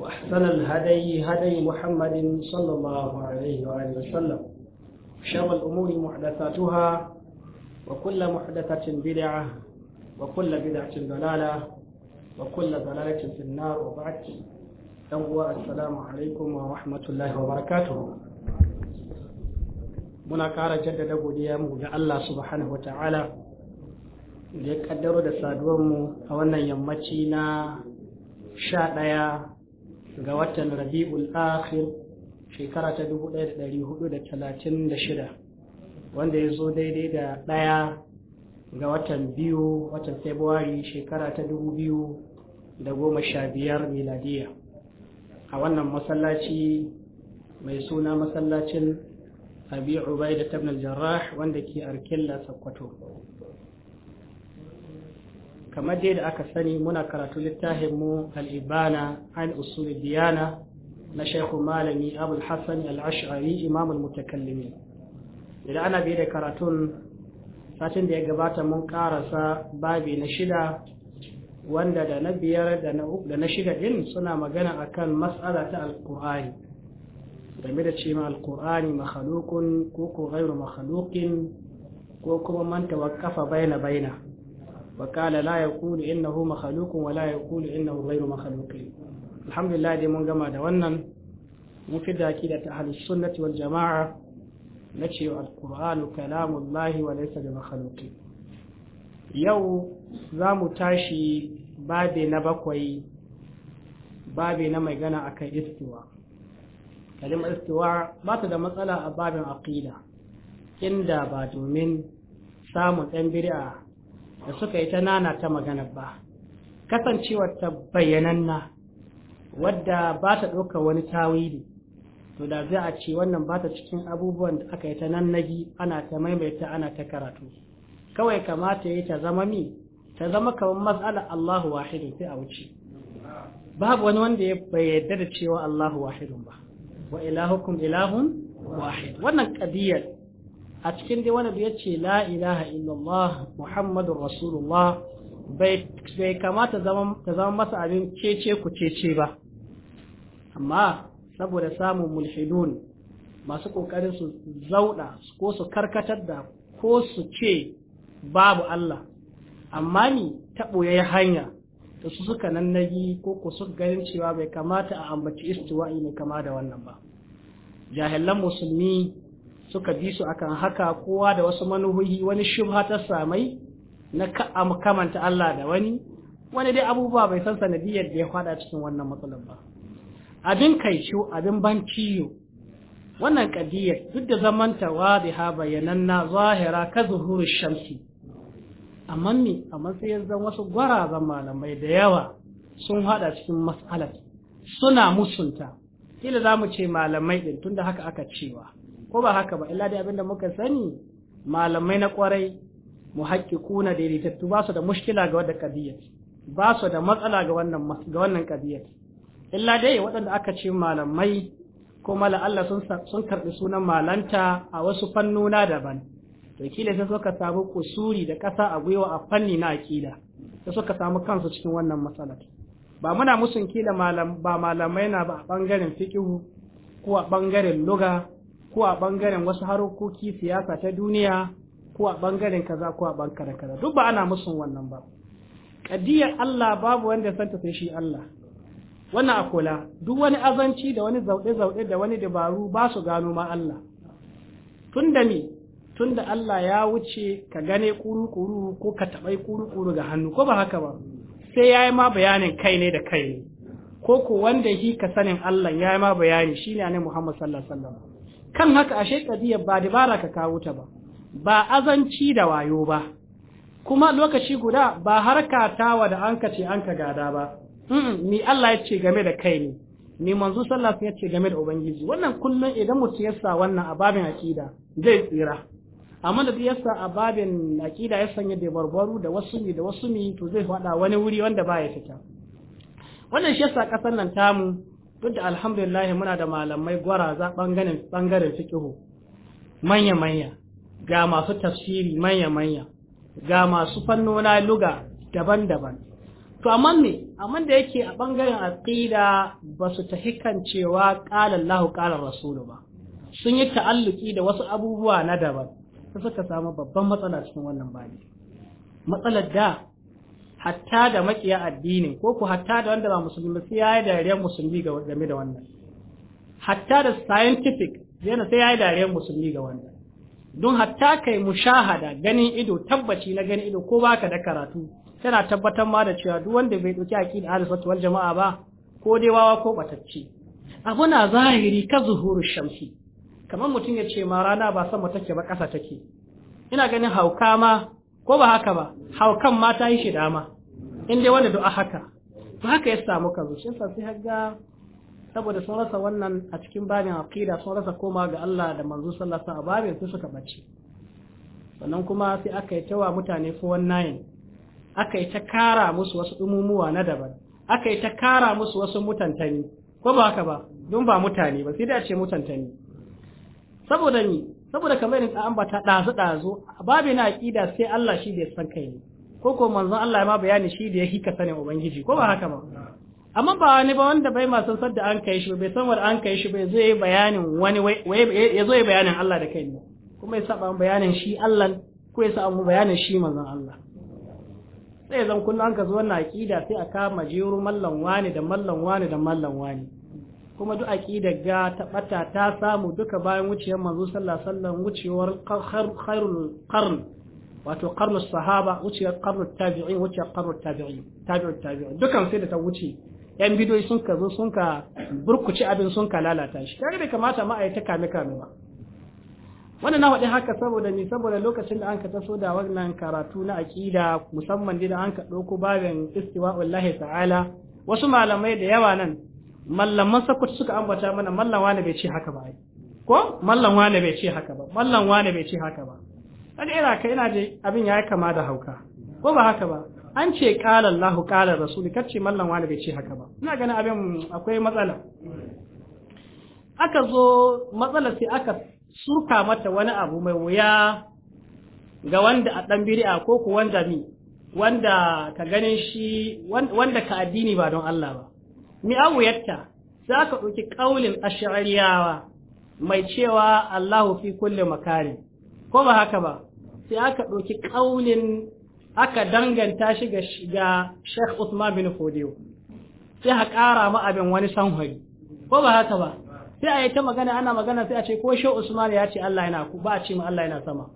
وأحسن الهدي هدي محمد صلى الله عليه وآله وسلم شر الأمور محدثاتها وكل محدثة بدعة وكل بدعة ضلالة وكل ضلالة في النار وبعد أهو السلام عليكم ورحمة الله وبركاته muna ƙara jaddada mu ga Allah subhanahu wata'ala da ya kaddaro da saduwarmu a wannan yammaci na sha ɗaya ga watan rabi'ul akhir shekara ta 1436 wanda ya zo daidai da ɗaya ga watan biyu watan february shekara ta 2015 miladiya a wannan masallaci mai suna masallacin abi ubaida tabnal jarrah wanda ke arkilla sakkwato kamar dai da aka sani muna karatu littafin mu al-ibana an usul diyana na shaikhu malami abul hassan al-ash'ari imamul mutakallimi idan ana bai da karatun satin da ya gabata mun karasa babi na shida wanda da na biyar da na shida din suna magana akan matsala ta alkur'ani game da cewa alkur'ani makhalukun ko ko ghairu makhalukin ko kuma man tawakkafa baina baina وقال لا يقول انه مخلوق ولا يقول انه غير مخلوق الحمد لله دي من جماعه ده wannan mufi da ta ahli sunnati wal jamaa nace al qur'an kalamu allah wa laysa bi makhluq yau zamu tashi babe na bakwai babe na mai gana akan istiwa kalimar istiwa ba ta da matsala a babin aqida inda ba domin samun dan bir'a da suka yi ta nana ta magana ba kasancewar ta bayyananna wadda ba ta ɗauka wani tawili to da za a ce wannan ba ta cikin abubuwan da aka yi ta nan nagi ana ta maimaita ana ta karatu kawai kamata ya yi ta zama mi ta zama kamar matsalar Allahu Wahidu sai a wuce babu wani wanda ya yarda da cewa Allahu wahidun ba wa ilahukum ilahun wahid wannan kadiyar a cikin dai wani biyar ce la ilaha illallah muhammadun rasulullah bai kamata ta zama masa abin cece ku cece ba amma saboda samun mulhidun masu ƙoƙarin su zauɗa ko su karkatar da ko su ce babu Allah amma ni taɓo ya hanya da su suka nan yi ko ku suka ganin cewa bai kamata a ambaci istiwa'i mai kama da wannan ba jahilan musulmi suka bi su akan haka kowa da wasu manuhuhi wani shubha ta samai na kamanta Allah da wani wani dai abubuwa bai san sanadiyar da ya fada cikin wannan matsalar ba abin kaicu abin ban ciyo wannan kadiyar duk da zamanta wadiha bayananna zahira ka zuhuru shamsi amma ne a matsayin zan wasu gwarazan malamai da yawa sun hada cikin mas'alar suna musunta kila za mu ce malamai din tunda haka aka cewa ko ba haka ba illa dai abinda muka sani malamai na kwarai mu da daidaitattu ba su da mushkila ga wadda qadiyya ba su da matsala ga wannan ga wannan illa dai waɗanda aka ce malamai ko mala Allah sun sun karbi sunan malanta a wasu fannuna daban to kila sai suka samu kusuri da ƙasa a gwiwa a fanni na akida sai suka samu kansu cikin wannan matsalar ba muna musun kila malam ba malamai na ba a bangaren fiqhu ko a bangaren luga ko a ɓangaren wasu harkoki siyasa ta duniya ko a ɓangaren kaza ko a ɓangaren kaza duk ba ana musun wannan ba kadiyar Allah babu wanda santa sai shi Allah wannan akola duk wani azanci da wani zauɗe-zauɗe da wani dabaru ba su gano ma Allah tun da me tun da Allah ya wuce ka gane kuru-kuru ko ka taɓai kuru-kuru ga hannu ko ba haka ba sai ya yi ma bayanin kai ne da kai ne ko ko wanda shi ka sanin Allah ya yi ma bayani shine ne Muhammad sallallahu alaihi wasallam kan haka ashe kadiyar ba dabara ka kawo ta ba ba azanci da wayo ba kuma lokaci guda ba harka tawa da an ce an ka gada ba ni Allah yace game da kai ne ni manzo sallallahu alaihi ya ce game da ubangiji wannan kullun idan mutum ya sa wannan a babin akida zai tsira amma da ya sa a babin akida ya sanya da barbaru da wasu mi da wasu mi to zai faɗa wani wuri wanda ba ya fita wannan shi yasa ƙasar nan tamu duk da alhamdulillah muna da malamai gwaraza bangaren bangaren fiqhu manya manya ga masu tafsiri manya manya ga masu fannona luga daban-daban to amma me amma da yake a bangaren aqida ba su tahikan cewa qala Allahu qala rasulu ba sun yi ta'alluki da wasu abubuwa na daban sai suka samu babban matsala cikin wannan bani matsalar da hatta da makiya addini ko ku hatta da wanda ba musulmi sai yayi dariyar musulmi game da wannan hatta da scientific yana sai yayi dariyar musulmi ga wannan don hatta kai mushahada ganin ido tabbaci na ganin ido ko baka da karatu tana tabbatar ma da cewa duk wanda bai dauki aqida ahlus wal jamaa ba ko dai wawa ko batacce abu na zahiri ka zuhuru shamsi kamar mutum ya ce ma rana ba sama take ba kasa take ina ganin hauka ma ko ba haka ba haukan ma ta yi shi dama in dai wanda du'a haka ba haka ya samu kazo shi yasa sai haga saboda sun rasa wannan a cikin babin aqida sun rasa koma ga Allah da manzo sallallahu alaihi wasallam a babin su suka bace sannan kuma sai aka yi tawa mutane wannan aka yi ta kara musu wasu umumuwa na daban aka yi ta kara musu wasu mutantani ko ba haka ba don ba mutane ba sai da ce mutantani saboda ni saboda kamar irin an ambata ɗazu ɗazu babu na aƙida sai Allah shi da ya san kai ne ko ko manzon Allah ma bayani shi da ya hika sanin ubangiji ko ba haka ba amma ba wani ba wanda bai ma san da an kai shi bai san wanda an kai shi bai zo yi bayanin wani ya zo yi bayanin Allah da kai ne kuma ya saba bayanin shi Allah ko ya saba bayanin shi manzon Allah sai zan kullum an ka zo wannan aƙida sai a kama jeru mallan wani da mallan wani da mallan wani kuma duk aqidar ga ta ta samu duka bayan wuciyar manzo sallallahu alaihi wasallam wucewar khairul qarn wato qarnus sahaba wucewar qarn tabi'in wuciyar tabi'in tabi'ut tabi'in dukan sai da ta wuce yan bidoyi sun ka zo sun ka burkuci abin sun ka lalata shi kaga bai kamata ma a yi ta kame kame ba wannan na faɗi haka saboda ni saboda lokacin da an ka taso da wannan karatu na aƙida musamman da an ka ɗauko babin istiwa wallahi ta'ala wasu malamai da yawa nan mallaman sakkwato suka ambata mana mallan wane bai ce haka ba ko mallan wane bai ce haka ba mallan wane bai ce haka ba kaga ira kai ina je abin ya kama da hauka ko ba haka ba an ce qala Allah qala rasul kace mallan wani bai ce haka ba ina ganin abin akwai matsala aka zo matsala sai aka surka mata wani abu mai wuya ga wanda a dan biri'a ko ku wanda mi wanda ka ganin shi wanda ka addini ba don Allah ba mi awuyarta za ka ɗauki ƙaunin ashariyawa mai cewa Allahu fi kulle makari ko ba haka ba sai aka ɗauki ƙaunin aka danganta shi ga shiga Sheikh Usman bin Fodiyo sai ha ƙara ma abin wani sanhari ko ba haka ba sai a yi ta magana ana magana sai a ce ko Sheikh Usman ya ce Allah yana ku ba a ce ma Allah yana sama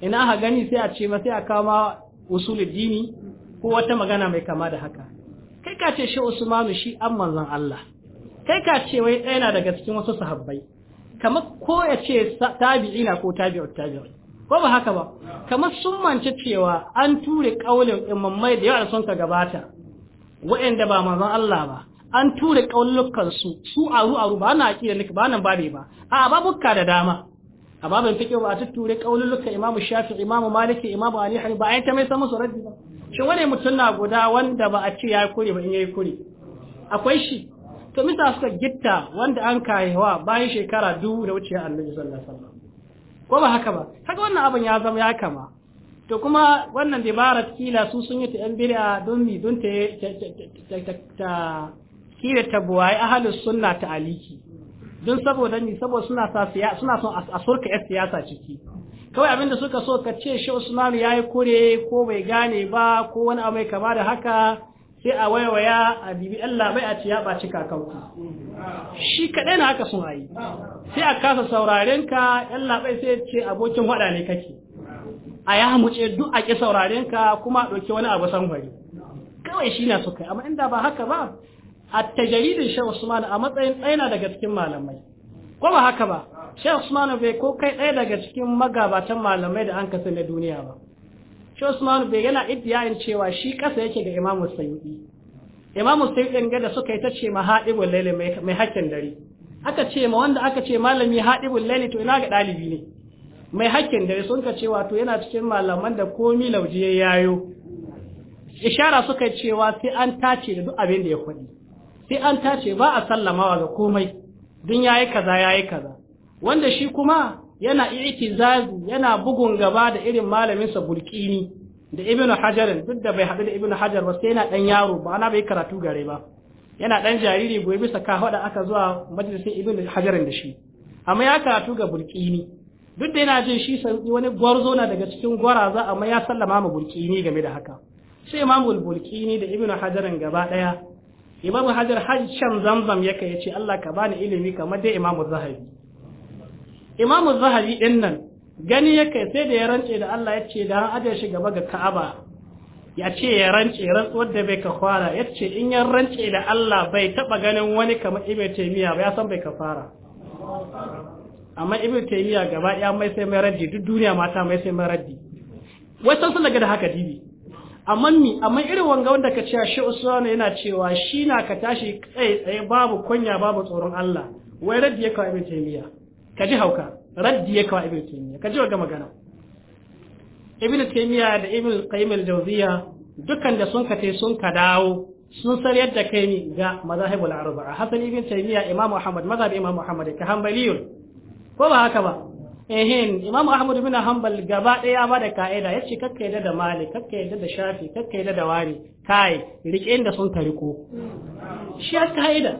ina ha gani sai a ce ma sai a kama usulul dini ko wata magana mai kama da haka ka ce shi Usmanu shi an manzon Allah kai ka ce wai ɗaya na daga cikin wasu sahabbai kamar ko ya ce tabi'ina ko tabi'ut tabi'in ko ba haka ba kamar sun mance cewa an ture kaulin imammai da yawa sun ka gabata waɗanda ba manzon Allah ba an ture kaulukan su su aru aru ba na akida nika ba nan ba a da dama a babin fiqh ba a ture kaulukan Imam Shafi'i Imam Maliki, Imam Ali ba ai ta mai san musu raddi ba shi wani mutum na guda wanda ba a ce ya kuri ba in yi kuri? akwai shi to misa suka gitta wanda an kayewa bayan shekara dubu da wuce annabi sallallahu alaihi ko ba haka ba kaga wannan abin ya zama ya kama to kuma wannan dabarar kila su sun yi ta yan bira don mi don ta ta ta kila ta buwaye ahlus sunna ta aliki don saboda ni saboda suna sa suna son a surka yar siyasa ciki kawai abinda suka so ka ce shi Usmanu yi kure ko bai gane ba ko wani abu mai kama da haka sai a waiwaya a bibi Allah bai a ciya ba cika kanku shi kaɗai na haka sun ayi sai a kasa sauraren ka Allah bai sai ce abokin waɗa ne kake a ya muce duk a ƙi sauraren ka kuma a ɗauki wani abu san kawai shi na suka amma inda ba haka ba at-tajridin Sheikh Usman a matsayin ɗaya daga cikin malamai ko ba haka ba Sheikh Usman bai ko kai ɗaya daga cikin magabatan malamai da an kasa na duniya ba Sheikh Usman bai yana iddiyayin cewa shi kasa yake ga Imam Sayyidi Imam Sayyidi ga da suka yi ta ce mahadibul laili mai hakkin dare aka ce ma wanda aka ce malami hadibul laili to ina ga ɗalibi ne mai hakkin dare sun ka cewa to yana cikin malaman da komi lauje yayo ishara suka cewa sai an tace da duk abin da ya kwaɗi sai an tace ba a sallamawa ga komai dun yayi kaza yayi kaza wanda shi kuma yana i'tizazi yana bugun gaba da irin malamin sa bulkini da ibnu hajar duk da bai haɗu da ibnu hajar ba sai yana dan yaro ba ana bai karatu gare ba yana dan jariri goyi bisa ka hada aka zuwa majalisin ibnu hajar da shi amma ya karatu ga burkini duk da yana jin shi wani gwarzo na daga cikin gwaraza amma ya sallama ma bulkini game da haka sai imamul bulkini da ibnu hajarin gaba daya imam hajar hajjan zamzam yake ya ce Allah ka bani ilimi kamar dai imam zahabi imam zahabi din nan gani yake sai da ya rance da Allah ya ce da an aje shi gaba ga Ka'aba ya ce ya rance rantsuwar da bai ka ya ce in ya rance da Allah bai taba ganin wani kamar ibn taymiya ba ya san bai fara. amma ibn taymiya gaba ya mai sai mai raddi duk duniya mata mai sai mai raddi wai san sun daga haka dibi amma ni amma irin wanga wanda ka cewa shi usman yana cewa shi na ka tashi tsaye tsaye babu kunya babu tsoron Allah wai raddi ya kawo ibn taymiya ka ji hauka raddi ya kawo ibn taymiya ka ji wanga magana ibn taymiya da ibn qayyim al-jawziya dukkan da sun kace sun ka dawo sun san yadda kai ni ga mazahibul arba'a hasan ibn taymiya imam muhammad mazhab imam muhammad ka hanbaliyun ko ba haka ba ehin imam ahmad bin hanbal gaba ɗaya ba da ka'ida yace kakka yadda da malik kakka yadda da shafi kakka yadda da Wari kai rike inda sun ka riko shi ya ka'ida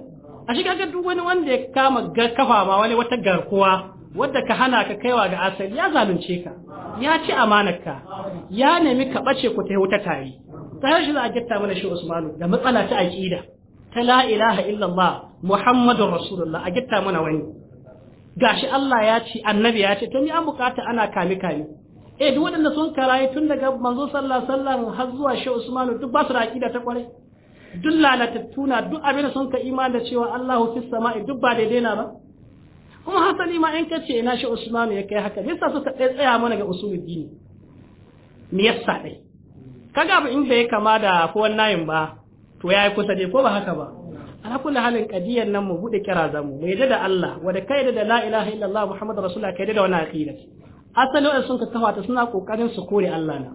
a shi kaga duk wani wanda ya kama kafa ma wani wata garkuwa wadda ka hana ka kaiwa ga asali ya zalunce ka ya ci amanarka ya nemi ka bace ku ta wuta tare ta shi za a gitta mana shi Usmanu da matsala ta aqida ta la ilaha illallah muhammadur rasulullah a gitta mana wani gashi Allah ya ce annabi ya ce to ni an bukata ana kame kame eh duk waɗanda sun karaye tun daga manzo sallallahu alaihi wasallam har zuwa Shehu Usman duk ba su da aqida ta kware duk lalatattuna duk abin da sun ka imani da cewa Allahu fis sama'i duk ba daidai na ba kuma hasali ma in kace ina Shehu Usman ya kai haka yasa suka tsaya mana ga usulul dini me yasa dai kaga abin da ya kama da ko yin ba to yayi kusa dai ko ba haka ba ala kulli halin kadiyar nan mu bude kira zamu mu yadda da Allah wanda kai da la ilaha illallah muhammadur rasulullah kai da wannan aqida asalin sun ka kafa suna kokarin su kore Allah na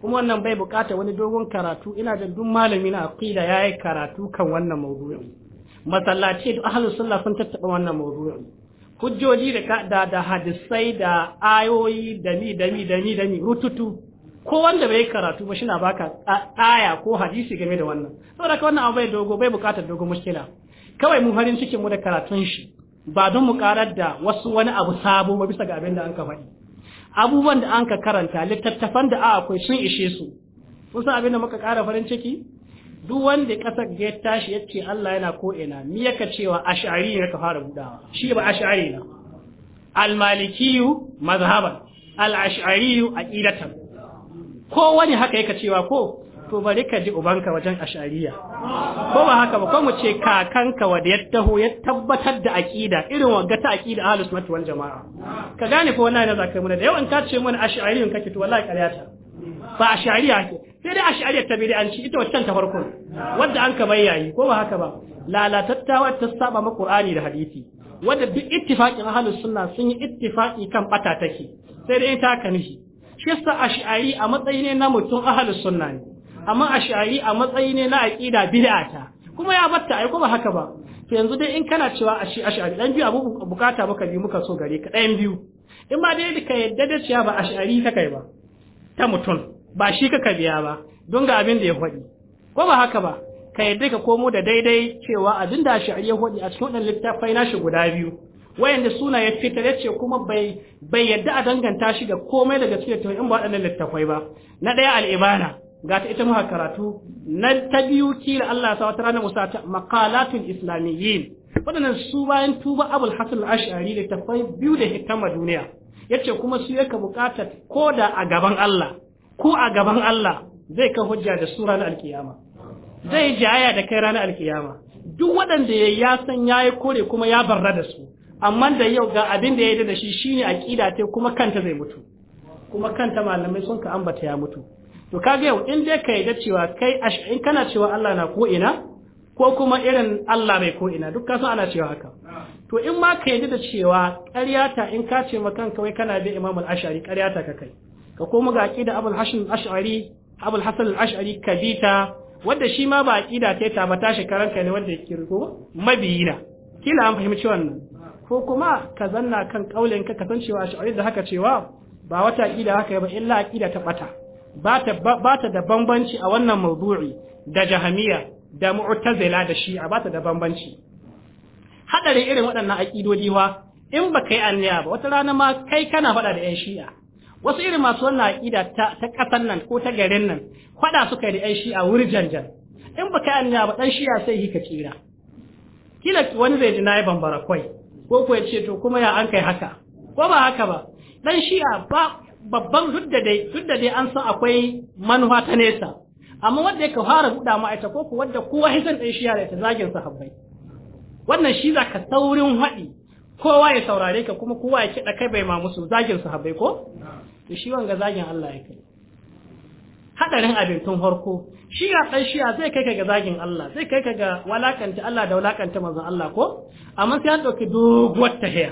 kuma wannan bai bukata wani dogon karatu ina da duk malami na aqida yayi karatu kan wannan mawdu'in masallaci da ahlus sunna sun tattaba wannan mawdu'in hujjoji da da hadisai da ayoyi da mi da rututu ko wanda bai karatu ba shina baka aya ko hadisi game da wannan saboda ka wannan abu bai dogo bai bukatar dogo mushkila kawai mu farin cikin mu da karatun shi ba don mu karar da wasu wani abu sabo ba bisa ga abin da an ka faɗi abubuwan da an ka karanta littattafan da a akwai sun ishe su kun san abin da muka kara farin ciki duk wanda kasar ya tashi yace Allah yana ko ina mi yaka cewa ash'ari ne ka fara budawa shi ba ash'ari na al maliki mazhaban al-ash'ariyu aqidatan ko wani haka yaka cewa ko to bari ka ji ubanka wajen ashariya ko ba haka ba ko mu ce kakanka wanda ya taho ya tabbatar da aqida irin wagga ta aqida ahlus sunnah wal jamaa ka gane ko wallahi na zaka mun da yawan ka ce mun ash'ariyun kake to wallahi ƙaryata. ta ba ash'ariya ke sai dai ash'ariyar ta bidi an ci ita wacce ta farko wanda an ka bayyani ko ba haka ba lalatattawa ta saba ma qur'ani da hadisi wanda duk ittifaqin ahlus sunna sun yi ittifaqi kan bata take sai dai ta kanishi shi yasa ash'ari a matsayi ne na mutum ahlus sunna ne amma ash'ari a matsayi ne na aqida bid'ata kuma ya batta ai kuma haka ba to yanzu dai in kana cewa ash'ari dan biyu abu bukata muka bi muka so gare ka ɗayan biyu in ba dai ka yadda da cewa ba ash'ari ta kai ba ta mutum ba shi ka biya ba don ga abin da ya faɗi ko ba haka ba ka yadda ka komo da daidai cewa abin da ash'ari ya faɗi a cikin waɗannan littafai nashi guda biyu wayanda suna ya fitar ya ce kuma bai bai yadda a danganta shi da komai daga cikin tawai in ba waɗannan littafai ba na ɗaya al'ibana ga ta ita muka karatu na ta biyu kila Allah sa wata Rana musa ta maqalatul islamiyyin waɗannan su bayan tuba abul hasan al-ash'ari littafai biyu da hikama duniya yace kuma su yake buƙatar ko da a gaban Allah ko a gaban Allah zai kan hujja da su ranar alkiyama zai jaya da kai ranar alkiyama duk waɗanda ya san yayi kore kuma ya barra da su amma da yau ga abin da ya yi da shi shine aqida ta kuma kanta zai mutu kuma kanta malamai sun ka ambata ya mutu to kaga yau in dai ka yarda cewa kai in kana cewa Allah na ko ina ko kuma irin Allah bai ko ina duk kasan ana cewa haka to in ma ka yarda da cewa ƙaryata in ka ce ma kanka wai kana bi Imam al-Ash'ari ƙaryata ka kai ka koma ga aqida Abul Hasan al-Ash'ari Abul Hasan al-Ash'ari kabita wanda shi ma ba aqida ta ta ba shekaran kai ne wanda ya kirko mabiyina kila an fahimci wannan ko kuma ka zanna kan kaulin ka san cewa shi'ari da haka cewa ba wata aqida haka ba illa aqida ta bata ba ta da bambanci a wannan mawdu'i da jahamiya da mu'tazila da shi'a ba ta da bambanci hadarin irin waɗannan aqidodi wa in ba kai anniya ba wata rana ma kai kana faɗa da yan shi'a wasu irin masu wannan aqida ta ƙasar nan ko ta garin nan faɗa suka yi da 'yan shi'a wuri janjan in ba kai anniya ba ɗan shi'a sai hika tsira kila wani zai ji na yi bambara kwai ko ko ya ce to kuma ya an kai haka ko ba haka ba dan shi'a ba babban duk dai duk dai an san akwai manufa ta nesa amma wanda yake fara buɗa ma aita ko wanda kowa hisan ɗan shia da ta zagin sahabbai wannan shi za saurin haɗi kowa ya saurare ka kuma kowa ya kida kai bai ma musu zagin sahabbai ko to shi wanga zagin Allah ya kai hadarin abin tun farko shiya dan shiya zai kai ka ga zagin Allah zai kai ka ga walakanta Allah da walakanta manzon Allah ko amma sai an dauki doguwar tahiya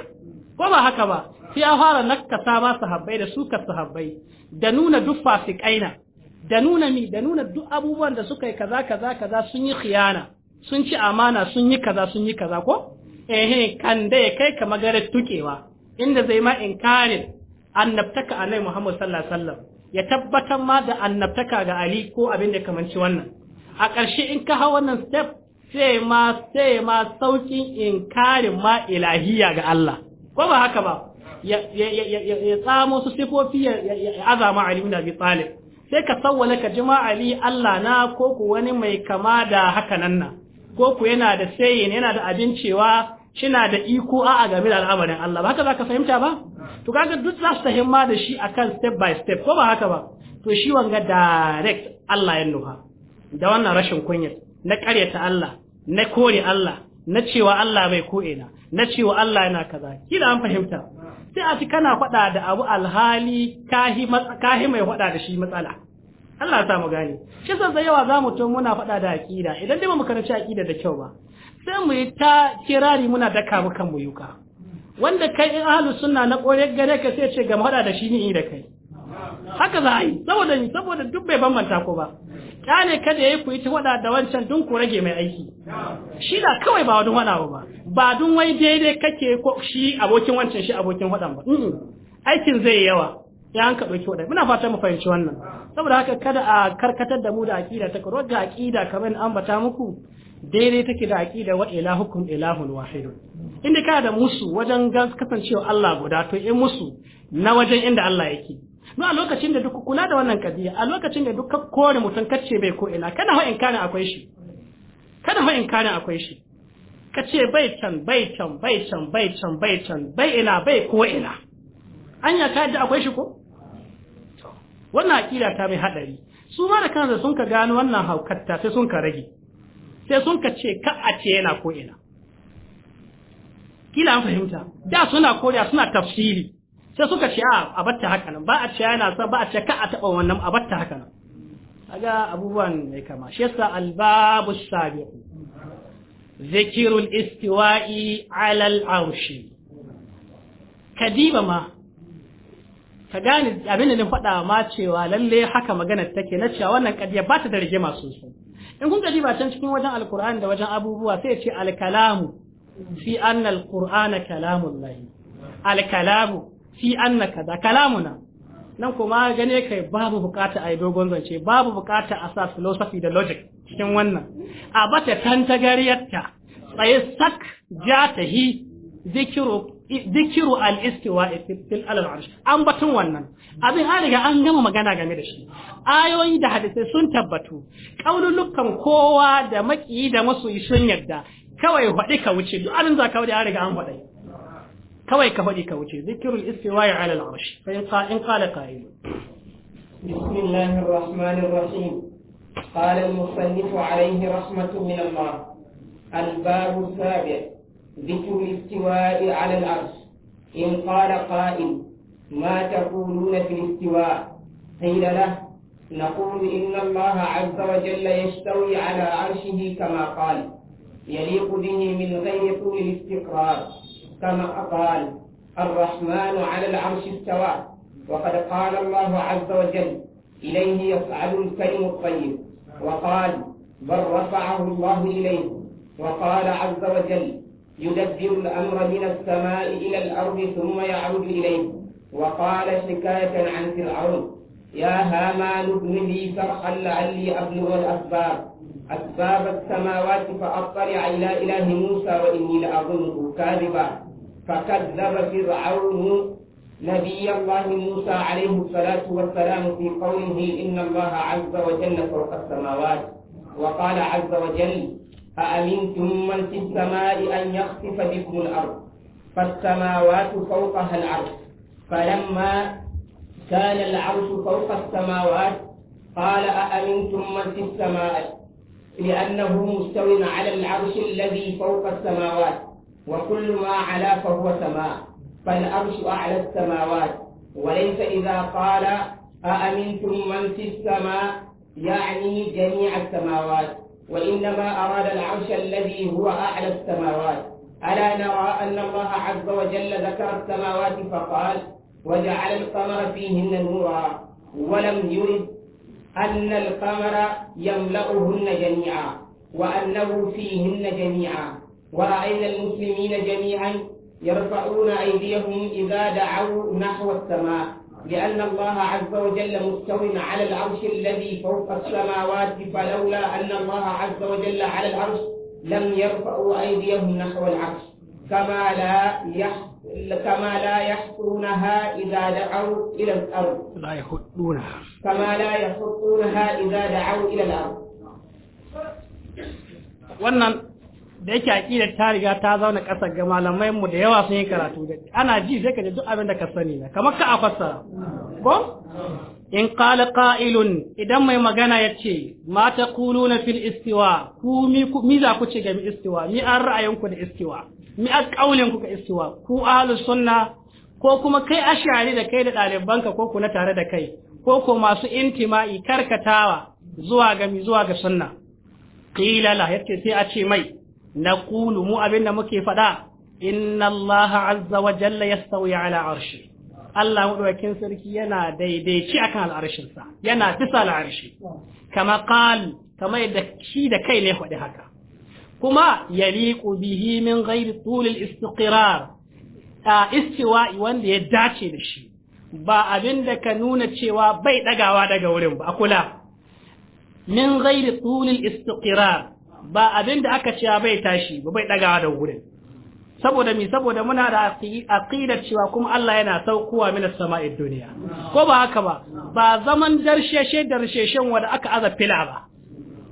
ko ba haka ba sai ya fara nakasa ma sahabbai da suka sahabbai da nuna duk fasikaina da nuna mi da nuna duk abubuwan da suka yi kaza kaza kaza sun yi khiyana sun ci amana sun yi kaza sun yi kaza ko eh kan da ya kai ka magarar tukewa inda zai ma inkarin annabtaka annabi Muhammad sallallahu alaihi wasallam ya tabbatar ma da annabtaka ga Ali ko abin da kamanci wannan a ƙarshe in ka hau wannan step sai ma sai ma saukin inkarin ma ilahiya ga Allah ko ba haka ba ya tsamo su sifofi ya azama Ali ibn bi Talib sai ka sawwala ka jima Ali Allah na ko ku wani mai kama da haka nan na ko ku yana da sayin yana da abin cewa shina da iko a game da al'amarin Allah ba haka za ka fahimta ba to kaga duk za su himma da shi akan step by step ko ba haka ba to shi wanga direct Allah ya nuha da wannan rashin kunya na karyata Allah na kore Allah na cewa Allah bai ko'ina na cewa Allah yana kaza kila an fahimta sai a ci kana faɗa da abu alhali kahi mai faɗa da shi matsala Allah ta mu gane shi san da yawa zamu to muna faɗa da aqida idan dai ba mu karanci aqida da kyau ba sai mu yi ta kirari muna daka mu kan mu wanda kai in ahlus sunna na kore gare ka sai ce ga hada da shi ni da kai haka za a yi saboda ni saboda duk bai bambanta ko ba kyale kada yayi ku yi ta hada da wancan dun ku rage mai aiki shi da kawai ba wani hada ba ba dun wai daidai kake ko shi abokin wancan shi abokin wadan ba aikin zai yawa ya an kaɗo kyau muna fatan mu fahimci wannan saboda haka kada a karkatar da mu da aƙida ta karo ga aƙida kamar an bata muku daidai take da aqida wa ilahukum ilahun wahidun inda kana da musu wajen kasancewa Allah guda to in eh musu na wajen inda Allah yake no a lokacin da duk kula da wannan kadiya a lokacin da duk kore mutum kace bai ko ina kana ho in kana akwai shi kada ho kana akwai shi kace bai can bai can bai can bai can bai can bai ina bai ko ina anya ka da akwai shi ko wannan aqida ta mai hadari su ma da kansu sun ka gano wannan haukatta sai sun ka rage sai sun ka ce ka a ce yana ko ina kila an fahimta da suna koriya suna tafsiri sai suka ce a abatta batta haka nan ba a ce yana sa ba a ce ka a taba wannan a batta haka nan Aga abubuwan ne kama shi yasa albabu sabiq zikirul istiwa'i ala al-arshi kadiba ma ka gane abin da na faɗa ma cewa lalle haka magana take na cewa wannan kadiya ba ta da rigima sosai in kun gadi ba can cikin wajen alkur'ani da wajen abubuwa sai ce alkalamu fi anna alqur'ana kalamullahi alkalamu fi anna kaza kalamuna nan kuma gane kai babu bukata a yi dogon zance babu bukata a sa philosophy da logic cikin wannan a bata tan tagariyarta tsaye sak ja tahi zikiru ذكروا الاستواء في الألل العرش أم بطن ونن أبي هالي أن مغانا غميرش آيو إيدا حدثي سن تبطو كون لكم كوا دا إيدا مسو يسون يكدا كوا يبطيك وچي دو أنزا كوا دي هالي أم بطي كوا يكبطيك وچي ذكروا الاستواء على العرش فإن قال قائل بسم الله الرحمن الرحيم قال المصنف عليه رحمة من الله الباب الثابت ذكر الاستواء على العرش إن قال قائل ما تقولون في الاستواء قيل له نقول إن الله عز وجل يستوي على عرشه كما قال يليق به من غير طول الاستقرار كما قال الرحمن على العرش استوى وقد قال الله عز وجل إليه يصعد الكلم الطيب وقال بل رفعه الله إليه وقال عز وجل يدبر الأمر من السماء إلى الأرض ثم يعود إليه وقال شكاية عن فرعون يا هامان ابن لي صرحا لعلي أبلغ الأسباب أسباب السماوات فأطلع إلى إله موسى وإني لأظنه كاذبا فكذب فرعون نبي الله موسى عليه الصلاة والسلام في قوله إن الله عز وجل فوق السماوات وقال عز وجل أأمنتم من في السماء أن يخطف بكم الأرض فالسماوات فوقها العرش فلما كان العرش فوق السماوات قال أأمنتم من في السماء لأنه مستو على العرش الذي فوق السماوات وكل ما علا فهو سماء فالعرش أعلى السماوات وليس إذا قال أأمنتم من في السماء يعني جميع السماوات وإنما أراد العرش الذي هو أعلى السماوات ألا نرى أن الله عز وجل ذكر السماوات فقال وجعل القمر فيهن نورا ولم يرد أن القمر يملأهن جميعا وأنه فيهن جميعا ورأينا المسلمين جميعا يرفعون أيديهم إذا دعوا نحو السماء لأن الله عز وجل مستو على العرش الذي فوق السماوات فلولا أن الله عز وجل على العرش لم يرفعوا أيديهم نحو العرش كما لا يح... كما لا يحطونها إذا دعوا إلى الأرض لا يحطونها كما لا يحطونها إذا دعوا إلى الأرض da yake aƙidar ta riga ta zauna ƙasar ga malamai mu da yawa sun yi karatu da ana ji sai ka ji duk abin da ka sani na kamar ka a fassara ko in qala qa'ilun idan mai magana yace ma taquluna fil istiwa ku mi mi za ku ce ga istiwa mi an ra'ayinku da istiwa mi an kaulin ku ga istiwa ku ahlu sunna ko kuma kai ashari da kai da ɗalibanka ko kuna tare da kai ko ko masu intima'i karkatawa zuwa ga mi zuwa ga sunna qila yace sai a ce mai naqulu mu abin da muke faɗa inna Allah azza wa a yastawi ala arshi Allah madaukakin sarki yana daidai ci akan al'arshinsa yana bisa al'arshi kama qal kama yadda shi da kai ne faɗi haka kuma yaliqu bihi min ghairi tulil istiqrar istiwa'i wanda ya dace da shi ba abin da ka nuna cewa bai dagawa daga wurin ba a kula min ghairi tulil istiqrar ba abin da aka cewa bai tashi ba bai dagawa da wurin saboda mi saboda muna da aqidar cewa kuma Allah yana saukowa minas sama'i duniya ko ba haka ba ba zaman darsheshe darsheshen wanda aka aza fila ba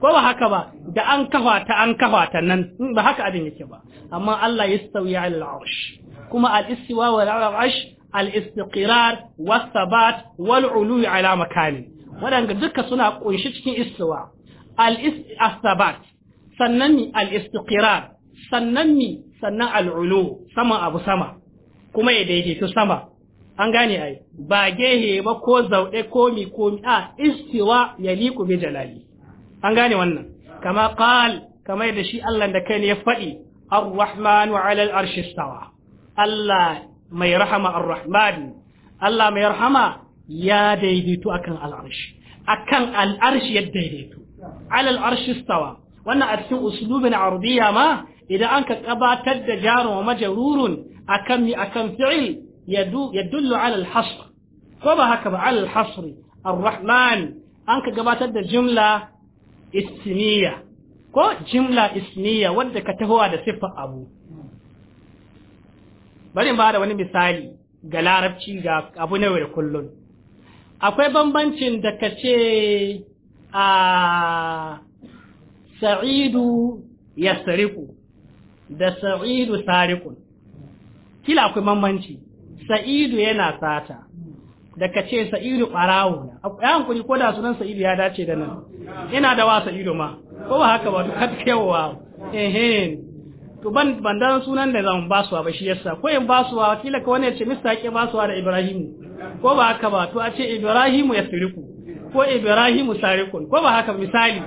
ko ba haka ba da an kafa ta an kafa ta nan ba haka abin yake ba amma Allah ya al-arsh kuma al-istiwa wal arsh al-istiqrar was sabat wal ulu ala makani wadanga duka suna kunshi cikin istiwa al-sabat sannan mi al sannan mi sannan al'ulu sama abu sama kuma ya daidaito sama an gane ai ba gehe ba ko zauɗe ko mi ko mi a istiwa ya liku bi jalali an gane wannan kama qal kama yadda shi Allah da kai ne ya faɗi ar-rahman wa arshi Allah mai rahama ar-rahman Allah mai rahama ya daidaito akan al'arshi. akan al'arshi ya daidaito ala arshi wannan a cikin uslubin arabiyya ma idan an ka gabatar da jarun wa majrurun akan mi akan fi'il yadullu ala al-hasr ko ba haka ba ala al-hasr ar-rahman an ka gabatar da jumla ismiya ko jimla ismiya wanda ka tahowa da siffar abu bari in bada wani misali ga larabci ga abu na da kullum akwai bambancin da ka ce a ah, sa'idu yasriqu da sa'idu sariqun kila akwai bambanci sa'idu yana sata da ka ce sa'idu ɓarawo na ya hankuli ko da sunan sa'idu ya dace da nan ina da wa sa'idu ma ko ba haka ba to ka kewa ehe to ban bandan sunan da zan basuwa ba shi yasa ko in ba kila ka wani ya ce mista ke basuwa da ibrahimu ko ba haka ba to a ce ibrahimu ya siriku ko ibrahimu sarikun ko ba haka misali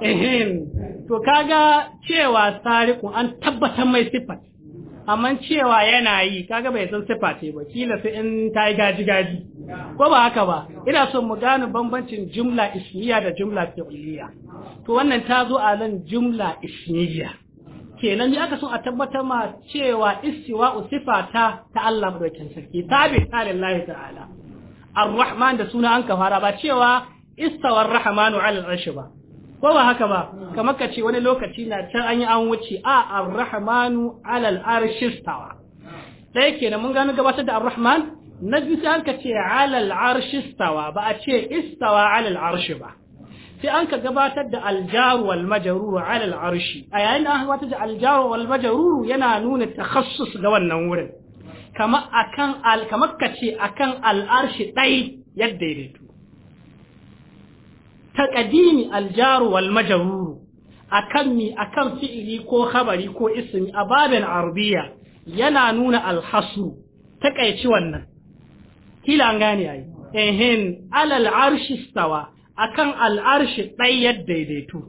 ehem to kaga cewa tsariku an tabbatar mai sifat amma cewa yana yi kaga bai san sifa ce ba kila sai in ta yi gaji gaji ko ba haka ba ina son mu gane bambancin jumla ismiya da jumla fi'liya to wannan ta zo a nan jumla ismiya kenan ni aka so a tabbatar ma cewa istiwa sifa ta ta Allah madaukakin sarki tabi ta lillahi ta'ala arrahman da suna an kafara ba cewa istawar rahmanu 'ala al-'arshi ba ko ba haka ba kamar ka ce wani lokaci na can an yi an wuce a arrahmanu alal arshis tawa ɗaya kenan mun gano gabatar da arrahman na biyu sai an ka ce alal arshis tawa ba a ce istawa alal arshi ba sai an ka gabatar da aljaru wal majaruru alal arshi a yayin da an gabatar da aljaru wal yana nuna takhassus ga wannan wurin kamar akan al kamar ka ce akan al arshi ɗai yadda ya taqdimi aljar wal a akan mi akan fi'ili ko khabari ko isimi a babin arabiya yana nuna alhasu takaici wannan kila an gane ayi. ehin alal arshi stawa akan kan al'arshi dayyar daidaito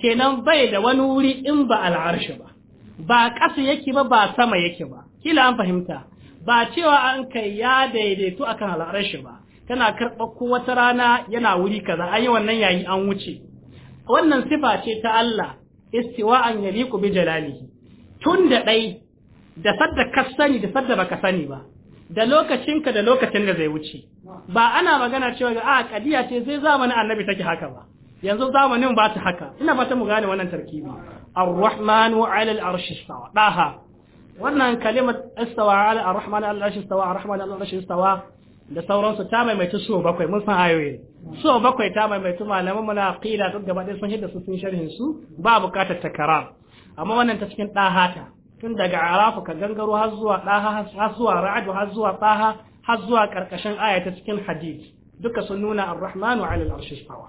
kenan bai da wani wuri in ba al'arshi ba ba ƙasa yake ba ba sama yake ba kila an fahimta ba cewa an kai ya daidaitu akan al'arshi ba tana karɓa ko wata rana yana wuri kaza an yi wannan yayi an wuce wannan sifa ce ta Allah istiwa'an yaliku bi jalalihi tun da dai da sadda ka sani da sadda baka sani ba da lokacinka da lokacin da zai wuce ba ana magana cewa a ah, kadiya ce sai zamanin annabi take haka ba yanzu zamanin ba ta haka ina fata mu gane wannan tarkibi ar-rahmanu 'ala al-arshi istawa daha wannan kalimar istawa 'ala ar-rahmanu 'ala al-arshi istawa ar-rahmanu 'ala al-arshi istawa da sauransu ta maimaitu so bakwai mun san ayoyi su bakwai ta maimaitu malaman mana aqida duk gaba ɗaya sun hidda su sun sharhin su ba bukatar takara amma wannan ta cikin ta tun daga arafu ka gangaro har zuwa daha har zuwa ra'adu har zuwa ɗaha har zuwa karkashin aya ta cikin hadith duka sun nuna ar-rahmanu ala al-arshi stawa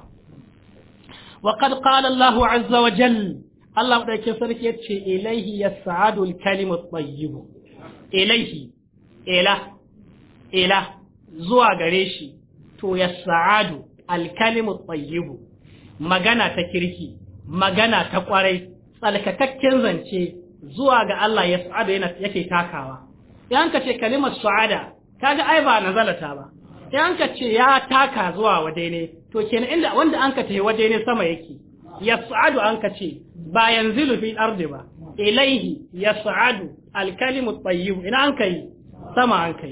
wa qad qala Allahu azza wa jal Allah yake sarki yace ilaihi yas'adul kalimut kalimu tayyib ilaihi ila ila zuwa gare shi to ya sa'adu alkalimu tsayibu magana ta kirki magana ta kwarai tsalkakakken zance zuwa ga Allah ya sa'adu yake takawa yan ka ce kalimar sa'ada ga ai ba nazalata ba yan ka ce ya taka zuwa waje ne to kenan inda wanda an ka tafi waje ne sama yake ya sa'adu an ka ce ba yanzilu fi ardi ba ilaihi ya sa'adu alkalimu tsayibu ina an ka yi sama an ka